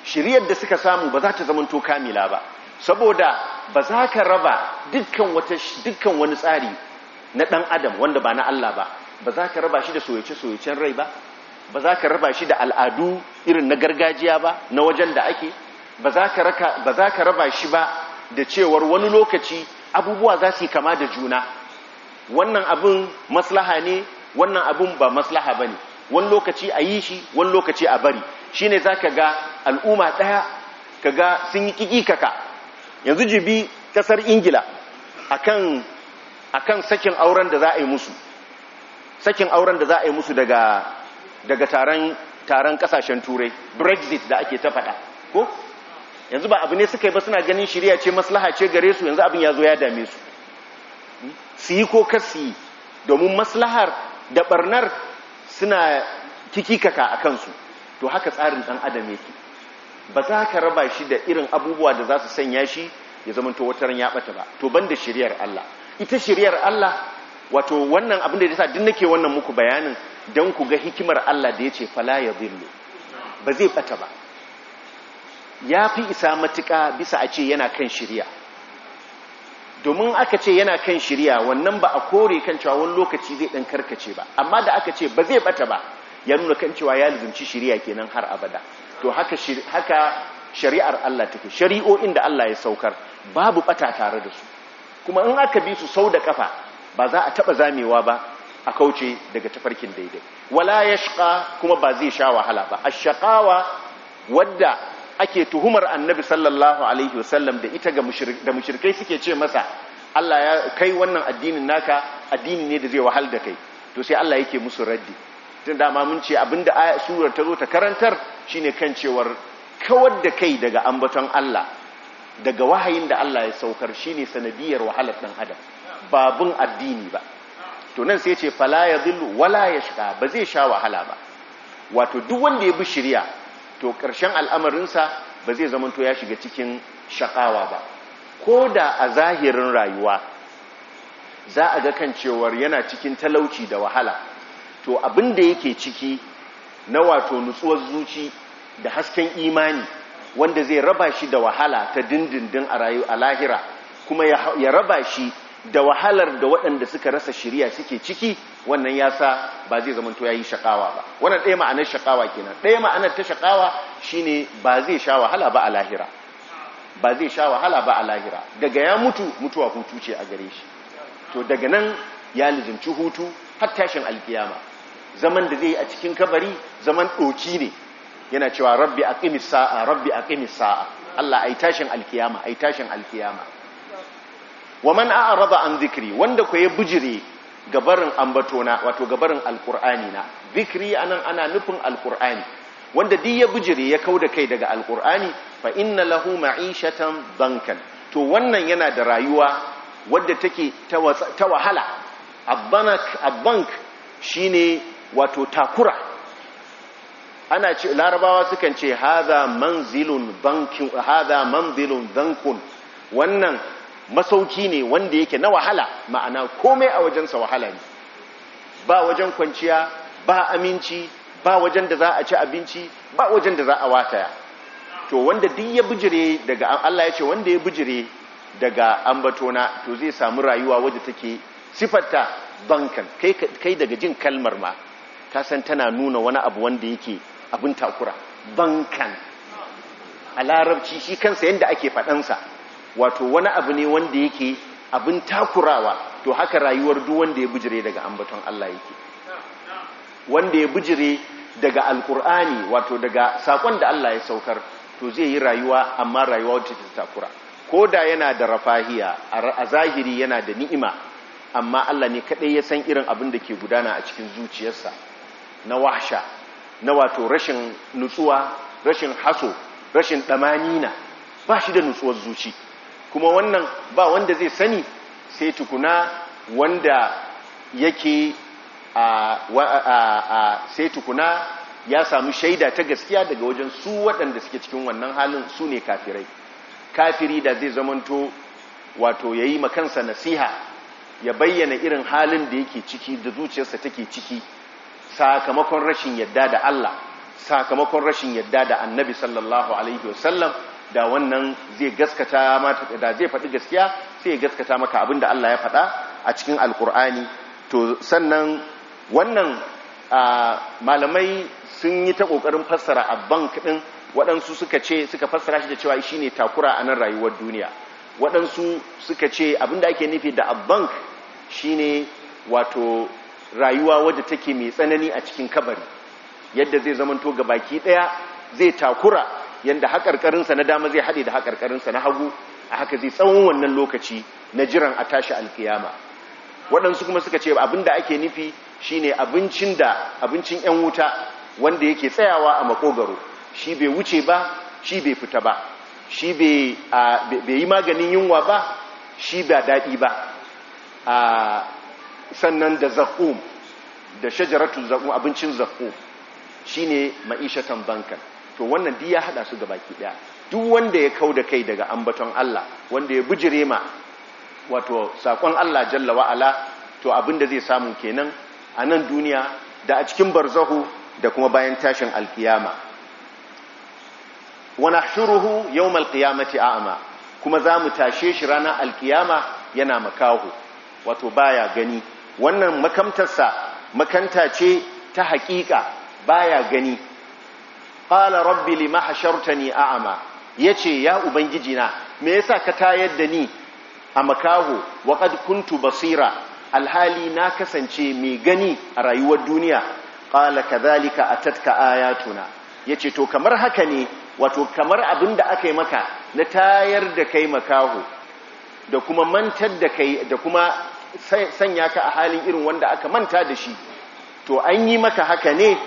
shiriyar da suka samu ba za ta zama to kamila ba saboda ba za ka raba dukkan wani tsari na ɗan adam wanda ba na Allah ba ba za ka raba shi da soyace-soyacen rai ba ba za ka raba shi da al'adu irin na gargajiya ba na wajen da ake ba za ka raba shi ba da cewar wani lokaci abubuwa za su yi kama da juna wannan abin maslaha ne wannan abin ba maslaha ba ne wani lokaci a yi shi wani lokaci a bari shi ne za ka ga al'umma ɗaya ka ga sun yi kaka yanzu jibi ƙasar ingila a kan sakin auren da za a yi musu sakin auren da za a yi musu daga daga taron taron kasashen turai brexit da ake ta faɗa ko yanzu ba abu ne suka yi ba suna ganin shirya ce maslaha ce gare su yanzu abin ya zo ya dame su hmm? su yi ko kasi domin maslahar da barnar suna kikikaka a kansu to haka tsarin ɗan adam yake ba za ka raba shi da irin abubuwa da za su sanya shi ya zama zamanto wataran ya ɓata ba to banda da shiryar Allah ita shiryar Allah wato wannan abin da ya sa duk nake wannan muku bayanin don ku ga hikimar Allah da ya ce fala ya zillu ba zai bata ba ya fi isa matuka bisa a ce yana kan shirya domin aka ce yana kan shirya wannan ba a kore kan cewa wani lokaci zai ɗan karkace ba amma da aka ce ba zai bata ba ya nuna kan cewa ya lizunci shirya kenan har abada to haka shari'ar Allah take shari'o'in da Allah ya saukar babu bata tare da su kuma in aka bi su sau da kafa ba za a taba zamewa ba a kauce daga tafarkin daidai wala ya shaka kuma ba zai sha wahala ba A shakawa wadda ake tuhumar annabi sallallahu alaihi wasallam da ita ga da mushirikai suke ce masa Allah ya kai wannan addinin naka addini ne da zai wahal da kai to sai Allah yake musu raddi tun dama mun ce abinda surar ta zo ta karantar shine kan cewar kawar da kai daga ambaton Allah daga wahayin da Allah ya saukar shine sanadiyar wahalar ɗan adam babun addini ba to nan sai ce fala ya zillu wala ya shiga ba zai sha wahala ba wato duk wanda ya bi shirya to ƙarshen al'amarinsa ba zai zama to ya shiga cikin shakawa ba ko da a zahirin rayuwa za a ga kan cewar yana cikin talauci da wahala to abin da yake ciki na wato nutsuwar zuci da hasken imani wanda zai raba shi da wahala ta dindindin a rayu a lahira kuma ya raba shi da wahalar da waɗanda suka rasa shiriya suke ciki wannan ya sa ba zai zamanto yi shakawa ba wannan ɗaya ma'anar shakawa kenan ɗaya ma'anar ta shakawa shine ba zai sha wahala ba a lahira ba zai sha wahala ba a lahira daga ya mutu mutuwa hutu ce a gare shi to daga nan ya lizinci hutu har tashin alkiyama zaman da zai yi a cikin kabari zaman ɗoki ne yana cewa rabbi a sa'a rabbi a sa'a Allah ai tashin alkiyama ai tashin alkiyama wa man a'rada an zikri wanda ko ya bujire gabarin ambatona wato gabarin alqur'ani na zikri anan ana nufin alqur'ani wanda duk ya bujire ya kauda kai daga alqur'ani fa inna lahu ma'ishatan bankan to wannan yana da rayuwa wadda take ta wahala abbanak abbank shine wato takura ana ce larabawa sukan ce hadha manzilun bankin hadha manzilun bankun wannan masauki ne wanda yake na wahala ma'ana komai a wajensa wahala ne ba wajen kwanciya ba aminci ba wajen da za a ci abinci ba wajen da za a wataya to wanda duk ya bijire daga Allah ya ce wanda ya bijire daga ambatona to zai samu rayuwa wadda take sifarta bankan kai daga jin kalmar ma ka san tana nuna wani abu wanda yake abin takura bankan a larabci shi kansa yadda ake faɗansa wato wani abu ne wanda yake abin takurawa to haka rayuwar duk wanda ya bijire daga ambaton Allah yake wanda ya bijire daga alkur'ani wato daga sakon da Allah ya saukar to zai yi rayuwa amma rayuwa wacce ta takura ko da yana da rafahiya a zahiri yana da ni'ima amma Allah ne kadai ya san irin abin da ke gudana a cikin zuciyarsa na wahsha na wato rashin nutsuwa rashin haso rashin damanina ba shi da nutsuwar zuci kuma wannan ba wanda zai sani sai tukuna wanda yake a sai tukuna ya samu shaida ta gaskiya daga wajen su waɗanda suke cikin wannan halin su ne kafirai kafiri da zai zamanto wato ya yi makansa nasiha ya bayyana irin halin da yake ciki da zuciyarsa take ciki sakamakon rashin yadda da Allah sakamakon rashin yadda da annabi sallallahu alaihi wasallam da wannan zai gaskata mata da zai faɗi gaskiya sai ya gaskata maka abin da Allah ya faɗa a cikin alkur'ani to sannan wannan malamai sun yi ta ƙoƙarin fassara bank kaɗin waɗansu suka ce suka fassara shi da cewa shi ne takura a nan rayuwar duniya waɗansu suka ce da ake nufi da a bank shi ne wato rayuwa wadda take mai tsanani a cikin kabari yadda zai zamanto ga baki ɗaya zai takura yanda haƙarƙarinsa na dama zai haɗe da haƙarƙarinsa na hagu a haka zai tsawon wannan lokaci na jiran a tashi alkiyama waɗansu kuma suka ce abin da ake nufi shine abincin da abincin 'yan wuta wanda yake tsayawa a makogaro shi bai wuce ba shi bai fita ba shi bai yi maganin yunwa ba shi ba daɗi ba sannan da zakum da shajaratu zakum abincin zakum shine ma'ishatan bankan to wannan duk ya hada su gabaki daya duk wanda ya kauda kai daga ambaton Allah wanda ya bujire ma wato sakon Allah jalla wa ala to da zai samu kenan a nan duniya da a cikin barzahu da kuma bayan tashin alkiyama wa nahshuruhu yawm alqiyamati a'ma kuma zamu tashe shi ranar alkiyama yana makaho wato baya gani wannan makamtarsa makanta ce ta hakika baya gani qala rabbi lima hashartani a'ama yace ya ubangiji na me yasa ka tayar da ni a makaho wa kuntu basira alhali na kasance mai gani a rayuwar duniya ƙala qala kadhalika atatka ayatuna yace to kamar haka ne wato kamar abin da aka yi maka na tayar da kai makaho da kuma mantar da kai da kuma sanya ka a halin irin wanda aka manta da shi to an yi maka haka ne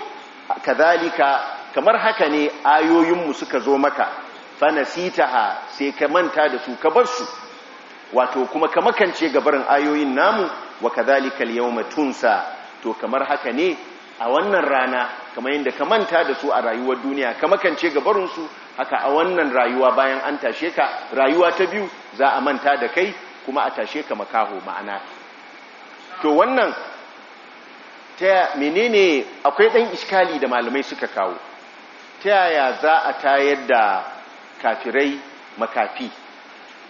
kadhalika kamar haka ne ayoyinmu suka zo maka ha sai ka manta da su ka barsu wato kuma ka makance gabarin ayoyin namu wa kadhalika al-yawma tunsa to kamar haka ne a wannan rana kamar yadda ka manta da su a rayuwar duniya ka makance gabarin su haka a wannan rayuwa bayan an tashe ka rayuwa ta biyu za a manta da kai kuma a tashe ka makaho ma'ana to wannan ta menene akwai dan iskali da malamai suka kawo ta yaya za a tayar da kafirai makafi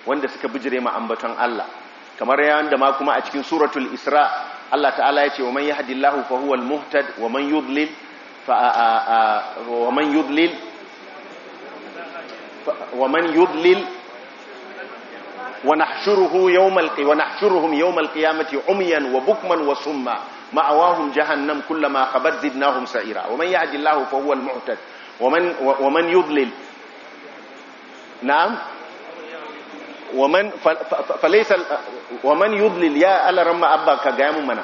wanda suka bijire ma ambaton Allah kamar yayin da ma kuma a cikin suratul isra Allah ta'ala ya ce wa man yahdillahu fa huwal muhtad wa man yudlil fa wa man yudlil wa man yudlil wa nahshuruhu yawmal wa nahshuruhum yawmal qiyamati umyan wa bukman wa summa ma'awahum jahannam kullama qabat sa'ira wa man yahdillahu fa huwal muhtad ومن ومن يضلل نعم ومن فليس ومن يضلل يا ألا رمى أبا كجام منا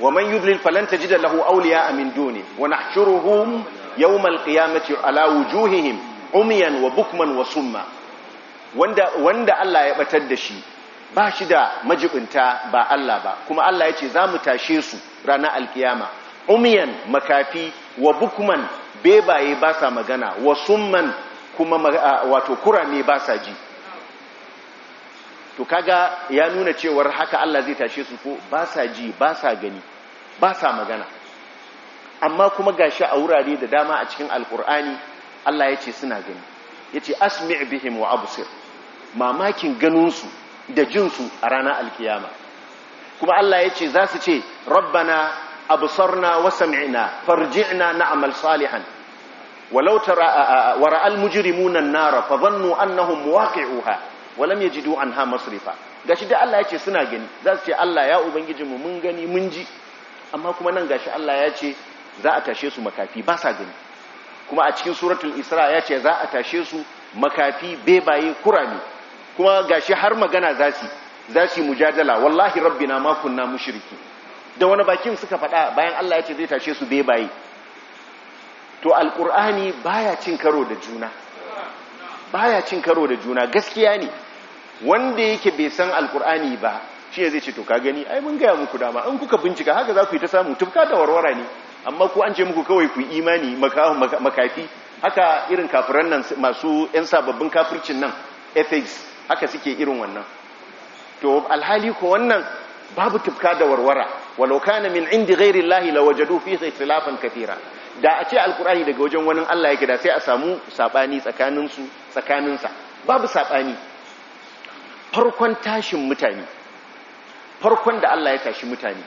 ومن يضلل فلن تجد له أولياء من دونه ونحشرهم يوم القيامة على وجوههم عميا وبكما وصما wanda wanda Allah ya batar da shi ba shi da majibinta ba Allah ba kuma Allah ya ce za mu tashe su ranar alkiyama umiyan makafi wa bukman bebaye ba sa magana man kuma wato kurame ba sa ji to kaga ya nuna cewar haka Allah zai tashe su ko ba sa ji ba sa gani ba sa magana amma kuma gashi a wurare da dama a cikin alkur'ani Allah ya ce suna gani ya ce asmi' bihim wa abusir mamakin ganinsu da jinsu a ranar alkiyama kuma Allah ya ce za su ce rabbana أبصرنا وسمعنا فارجعنا نعمل صالحا ولو ترى ورأى المجرمون النار فظنوا أنهم مواقعوها ولم يجدوا عنها مصرفا gashi da Allah ya ce suna gani za su ce Allah ya ubangijinmu mun gani mun ji amma kuma nan gashi Allah ya ce za a tashe su makafi ba sa gani kuma a cikin suratul isra ya ce za a tashe su makafi bebaye kurani kuma gashi har magana za su za su mujadala wallahi rabbina ma kunna mushriki da wani bakin suka faɗa bayan Allah ya ce zai tashe su bebaye to alkur'ani baya cin karo da juna baya cin karo da juna gaskiya ne wanda yake bai san alkur'ani ba shi zai ce to ka gani ai mun gaya muku dama an kuka bincika haka za ku yi ta samu tufka da warwara ne amma ku an ce muku kawai ku imani makafi haka irin kafiran nan masu yan sababbin kafircin nan ethics haka suke irin wannan to alhali ko wannan babu tufka da warwara walau kana min indi ghairi llahi lawajadu fihi tilafan kafira. da a ce alqur'ani daga wajen wani Allah yake da sai a samu sabani tsakanin su tsakanin sa babu sabani farkon tashin mutane farkon da Allah ya tashi mutane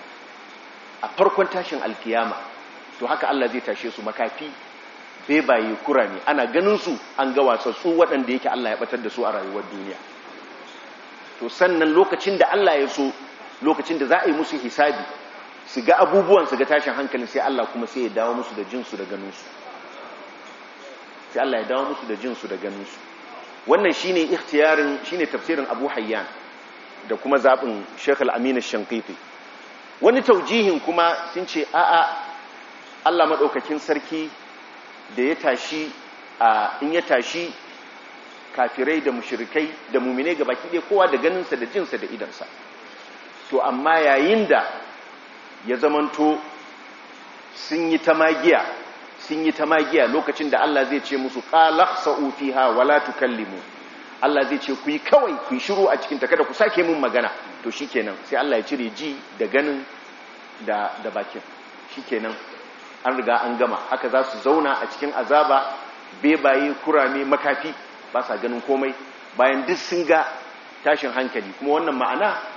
a farkon tashin alkiyama to haka Allah zai tashe su makafi kura ne? ana ganin su an ga wasassu waɗanda yake Allah ya batar da su a rayuwar duniya to sannan lokacin da Allah ya so lokacin da za a yi musu hisabi su ga abubuwan su ga tashin hankalin sai Allah kuma sai ya dawo musu da jinsu da ganinsu sai Allah ya dawo musu da jinsu da ganinsu wannan shine ikhtiyarin shine tafsirin Abu Hayyan da kuma zaɓin Sheikh Al-Amin wani taujihin kuma sun ce a'a Allah maɗaukakin sarki da ya tashi a in ya tashi kafirai da mushirikai da mumine ga baki ɗaya kowa da ganinsa da jinsa da idansa to amma yayin da ya zamanto sun yi ta magiya sun yi ta magiya lokacin da Allah zai ce musu qalaq sa'ufiha wala tukallimu Allah zai ce ku yi kawai ku yi shiru a cikin ta kada ku sake mun magana to shikenan sai Allah ya cire ji da ganin da da bakin shikenan an riga an gama haka za su zauna a cikin azaba bebaye kurame makafi ba sa ganin komai bayan duk sun ga tashin hankali kuma wannan ma'ana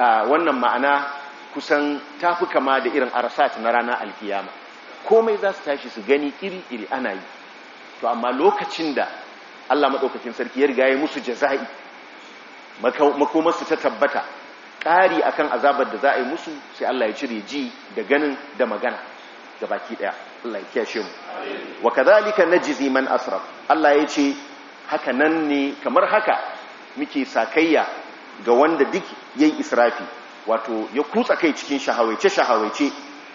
Ah, wannan ma'ana kusan tafi kama da irin arasat na rana alkiyama komai za su tashi su gani iri-iri ana yi to amma lokacin da allah maɗaukakin sarki ya riga ya musu jaza'i makomarsu ta tabbata ƙari akan azabar da za a yi musu sai allah ya cire ji da ganin da magana ga baki ɗaya allah ya kyashe mu wa na najzi man asraf allah ya ce haka nan ne kamar haka muke sakayya ga wanda duk yayi israfi wato ya kutsa kai cikin shahawaice shahawaice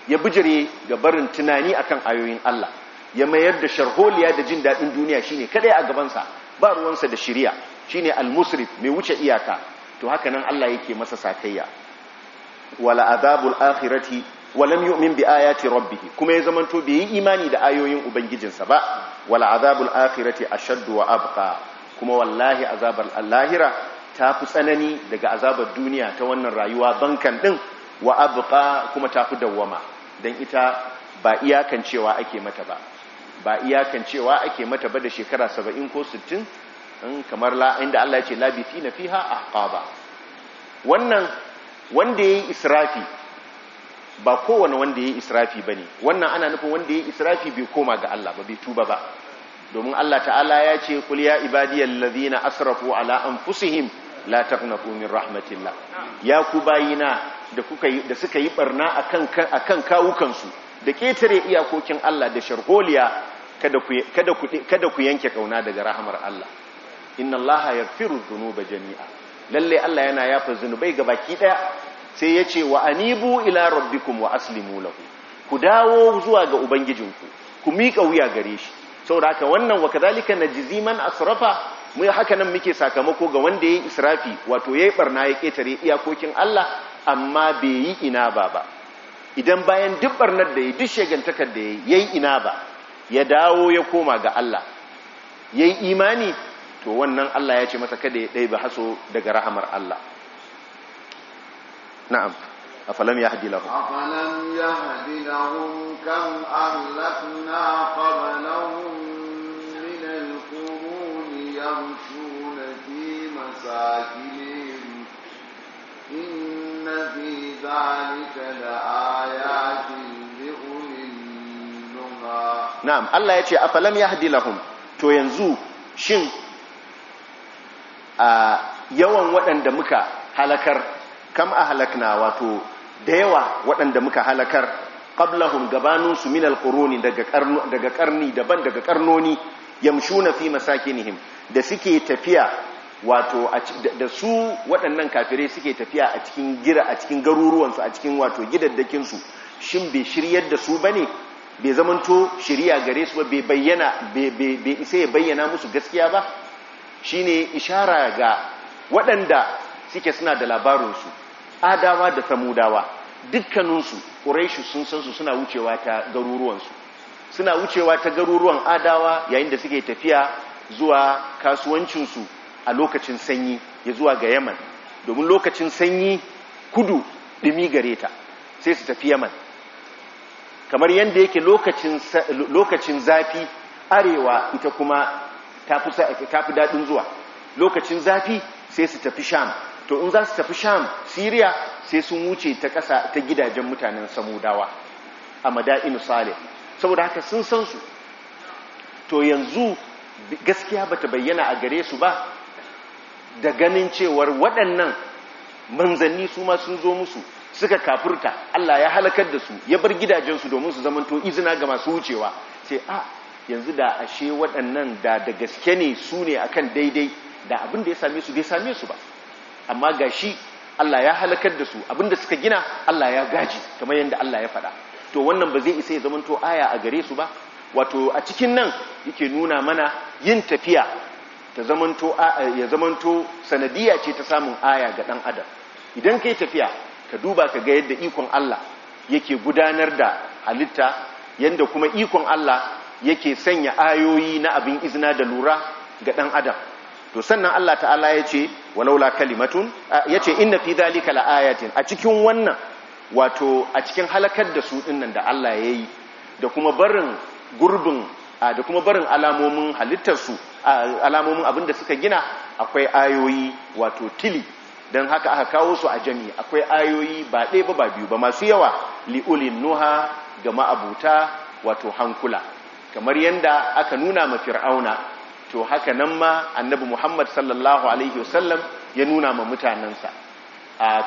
ya bijire ga barin tunani akan ayoyin Allah ya mayar da sharholiya da jin daɗin duniya shine kadai a gabansa ba ruwansa da shiriya shine al mai wuce iyaka to haka nan Allah yake masa sakayya wala azabul akhirati walam yu'min bi ayati rabbih kuma ya zamanto bai yi imani da ayoyin ubangijinsa ba wala azabul akhirati ashaddu wa abqa kuma wallahi azabul lahira ta fi tsanani daga azabar duniya ta wannan rayuwa bankan din wa abuka kuma ta fi dawwama don ita ba iyakan cewa ake mata ba ba iyakan cewa ake mata ba da shekara saba'in ko 60 kamar inda Allah ya ce a fiha ba wannan wanda ya yi israfi ba kowane wanda ya yi israfi bane wannan ana nufin wanda ya yi israfi bai koma ga Allah ba bai tuba ba domin Allah ta'ala ya ce kuliya ibadiyar ibadiyal na asrafu ala anfusihim la taqnatu min rahmatillah ya ku bayina da kuka da suka yi barna akan akan kawukan su da ketare iyakokin Allah da sharholiya kada ku kada ku kada ku yanke kauna daga rahmar Allah inna Allah yaghfiru dhunuba jami'a lalle Allah yana yafa zunubai gabaki daya sai yace wa anibu ila rabbikum wa aslimu lahu ku dawo zuwa ga ubangijinku ku miƙa wuya gare shi saboda haka wannan wa kadhalika najzi man asrafa mu haka nan muke sakamako ga wanda ya yi israfi wato ya yi barna ya ƙetare iyakokin Allah amma bai yi ina ba ba idan bayan duk barnar da ya duk shegantakar da ya yi ina ba ya dawo ya koma ga Allah ya yi imani to wannan Allah ya ce masa kada ya ɗai ba haso daga rahamar Allah na'am afalam ya ya hadi lahum kam ahlakna qablahum يمشون في مساكنهم إن في ذلك لآيات لأولي النهى to yanzu shin a yawan waɗanda muka halakar kam a halakna wato da yawa waɗanda muka halakar qablahum gabaninsu minal quruni daga ƙarni daban daga ƙarnoni yamshuna fi masakinihim da suke tafiya wato da su waɗannan kafirai suke tafiya a cikin gira a cikin garuruwansu a cikin wato gidaddakinsu shin bai shiryar da su ba ne bai zamanto shirya gare su ba bai bayyana bai isa ya bayyana musu gaskiya ba Shi ne ishara ga waɗanda suke suna da su adawa da samudawa dukkaninsu ƙuraishu sun san su suna wucewa ta garuruwansu suna wucewa ta garuruwan adawa yayin da suke tafiya zuwa kasuwancinsu a lokacin sanyi ya zuwa ga yaman domin lokacin sanyi kudu ɗumi gare ta sai su tafi yaman kamar yadda yake lokacin zafi arewa ita kuma ta fi daɗin zuwa lokacin zafi sai su tafi sham to in za su tafi sham Siriya sai sun wuce ta ƙasa ta gidajen mutanen samudawa a mada'inu saboda haka sun san su to yanzu gaskiya bata bayyana a gare su ba da ganin cewar waɗannan manzanni su ma sun zo musu suka kafurta Allah ya halakar da su ya bar gidajensu domin su zamanto izina ga masu wucewa sai a yanzu da ashe waɗannan da da gaske ne su ne a kan daidai da abin da ya same su bai same su ba amma ga shi Allah ya halakar da su abinda suka gina Allah ya gaji kamar yadda Allah ya faɗa to wannan ba zai isa ya zamanto aya a gare su ba wato a cikin nan yake nuna mana yin tafiya ta zamanto ya zamanto sanadiyya ce ta samun aya ga dan adam idan kai tafiya ka duba ka ga yadda ikon Allah yake gudanar da halitta yadda kuma ikon Allah yake sanya ayoyi na abin izina da lura ga dan adam to sannan Allah ta'ala ya ce walaula kalimatun ya ce inna fi dhalika laayatin a cikin wannan wato a cikin halakar da su dinnan da Allah ya yi da kuma barin gurbin da kuma barin alamomin halittarsu alamomin abin da suka gina akwai ayoyi wato tili don haka aka kawo su a jami akwai ayoyi ba ɗaya ba ba biyu ba masu yawa li'ulin nuha ga ma'abuta wato hankula kamar yadda aka nuna ma fir'auna to haka nan ma annabi muhammad sallallahu alaihi wasallam ya nuna ma mutanensa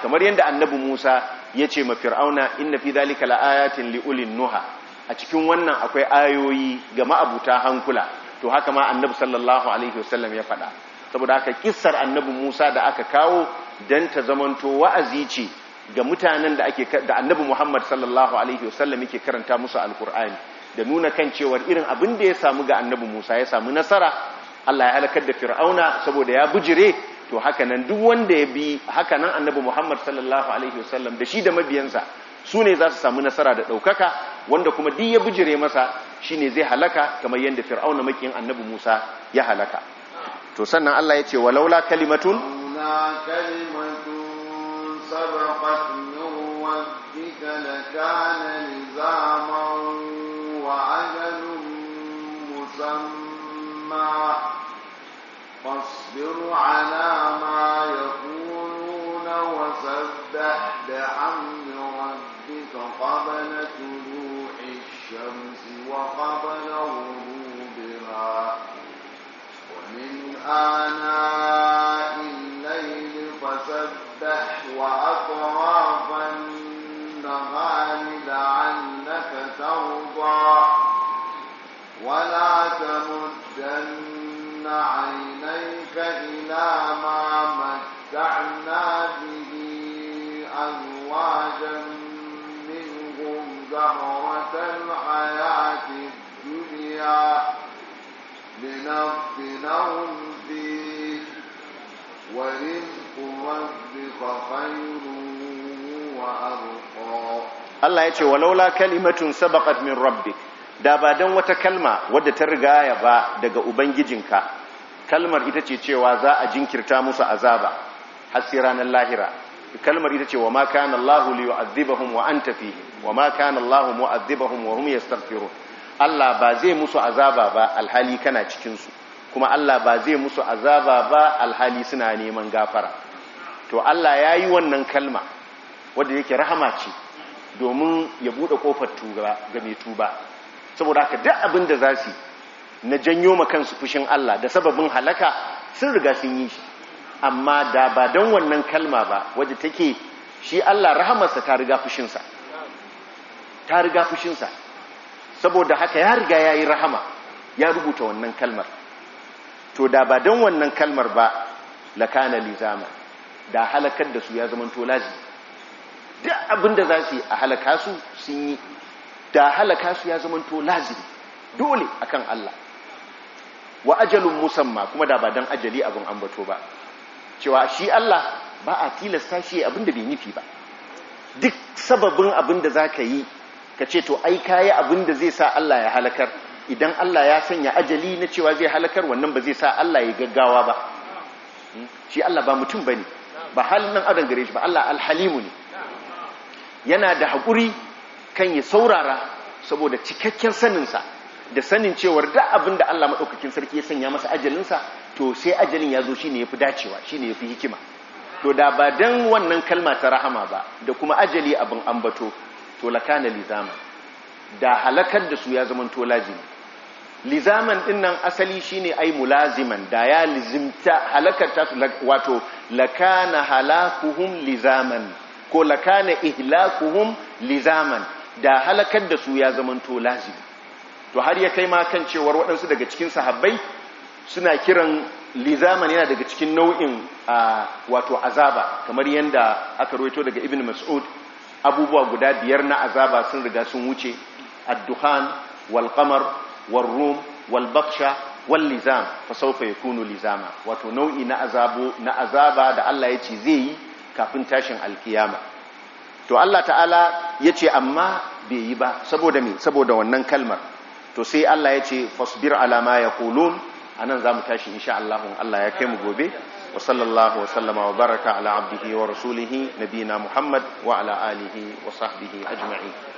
kamar yadda annabi musa ya ce ma fir'auna inna fi zalika la'ayatin li'ulin nuha a cikin wannan akwai ayoyi ga ma'abuta hankula to haka ma annabi sallallahu alaihi wasallam ya faɗa saboda haka kissar annabi Musa da aka kawo dan ta zamanto wa'azi ce ga mutanen da ake da annabi Muhammad sallallahu alaihi wasallam yake karanta musu alkur'ani da nuna kan cewar irin abin da ya samu ga annabi Musa ya samu nasara Allah ya halakar da Fir'auna saboda ya bujire to haka nan duk wanda ya bi haka nan annabi Muhammad sallallahu alaihi wasallam da shi da mabiyansa su ne za su samu nasara da ɗaukaka wanda kuma di ya bijire masa shi ne zai halaka kamar yadda fir'auna makin annabi musa ya halaka to sannan allah ya ce wa walaula kalimatun wa على ما يقولون وسبح بحمد قبل طلوع الشمس وقبل غروبها ومن Allah ya ce walaula kalimatun sabaqat min rabbik da ba dan wata kalma wadda ta rigaya ba daga ubangijinka kalmar ita ce cewa za a jinkirta musu azaba har ranar lahira kalmar ita ce wa ma kana Allahu li wa anta fihi wa kana Allahu mu'adhibahum wa hum yastaghfirun Allah ba zai musu azaba ba alhali kana cikin su kuma Allah ba zai musu azaba ba alhali suna neman gafara to Allah yayi wannan kalma wadda yake rahama ce domin ya buɗe ƙofar ga mai tuba saboda haka duk abin da za su na janyo ma kansu fushin Allah da sababin halaka sun riga sun yi shi amma da ba don wannan kalma ba wadda take shi Allah rahamarsa ta riga fushinsa ta riga fushinsa saboda haka ya riga ya yi rahama ya rubuta wannan kalmar to da ba don wannan kalmar ba lakana lizama da halakar da su ya zama to duk abinda za su yi a halaka su sun yi da halaka su ya zamanto lazimi dole akan Allah wa ajalun musamma kuma da ba dan ajali abin ambato ba cewa shi Allah ba a tilasta shi abinda bai nufi ba duk sababin abinda za ka yi ka ce to ai kai abinda zai sa Allah ya halakar idan Allah ya sanya ajali na cewa zai halakar wannan ba zai sa Allah ya gaggawa ba hmm? shi Allah ba mutum bane ba halin nan adan gare shi ba Allah alhalimu ne yana da haƙuri kan ya saurara saboda cikakken saninsa da sanin cewar da abin da Allah maɗaukakin sarki ya sanya masa ajalinsa to sai ajalin ya zo shi ne ya fi dacewa shi ne ya fi hikima to da ba don wannan kalma ta rahama ba da kuma ajali abin ambato to lakana lizama da halakar da su ya zama to lazimi lizaman ɗin nan asali shine ai mulaziman da ya lizimta halakar ta wato lakana halakuhun lizaman ko lakana ihlakuhum lizaman da halakar da su ya zamanto lazimi to har ya kai ma kan cewar waɗansu daga cikin sahabbai suna kiran lizaman yana daga cikin nau'in wato azaba kamar yadda aka roito daga ibn mas'ud abubuwa guda biyar na azaba sun riga sun wuce ad-duhan wal qamar wal rum wal baksha wal lizam fa sawfa yakunu lizama wato nau'i na azabo na azaba da Allah ya ce zai yi kafin tashin alkiyama to Allah ta'ala ya ce amma bai yi ba saboda me saboda wannan kalmar to sai Allah ya ce fasbir ala a nan za zamu tashi insha Allah Allah ya kai mu gobe wa sallallahu wa sallama wa baraka ala abdihi wa rasulihi nabina Muhammad wa ala alihi wa sahbihi ajma'in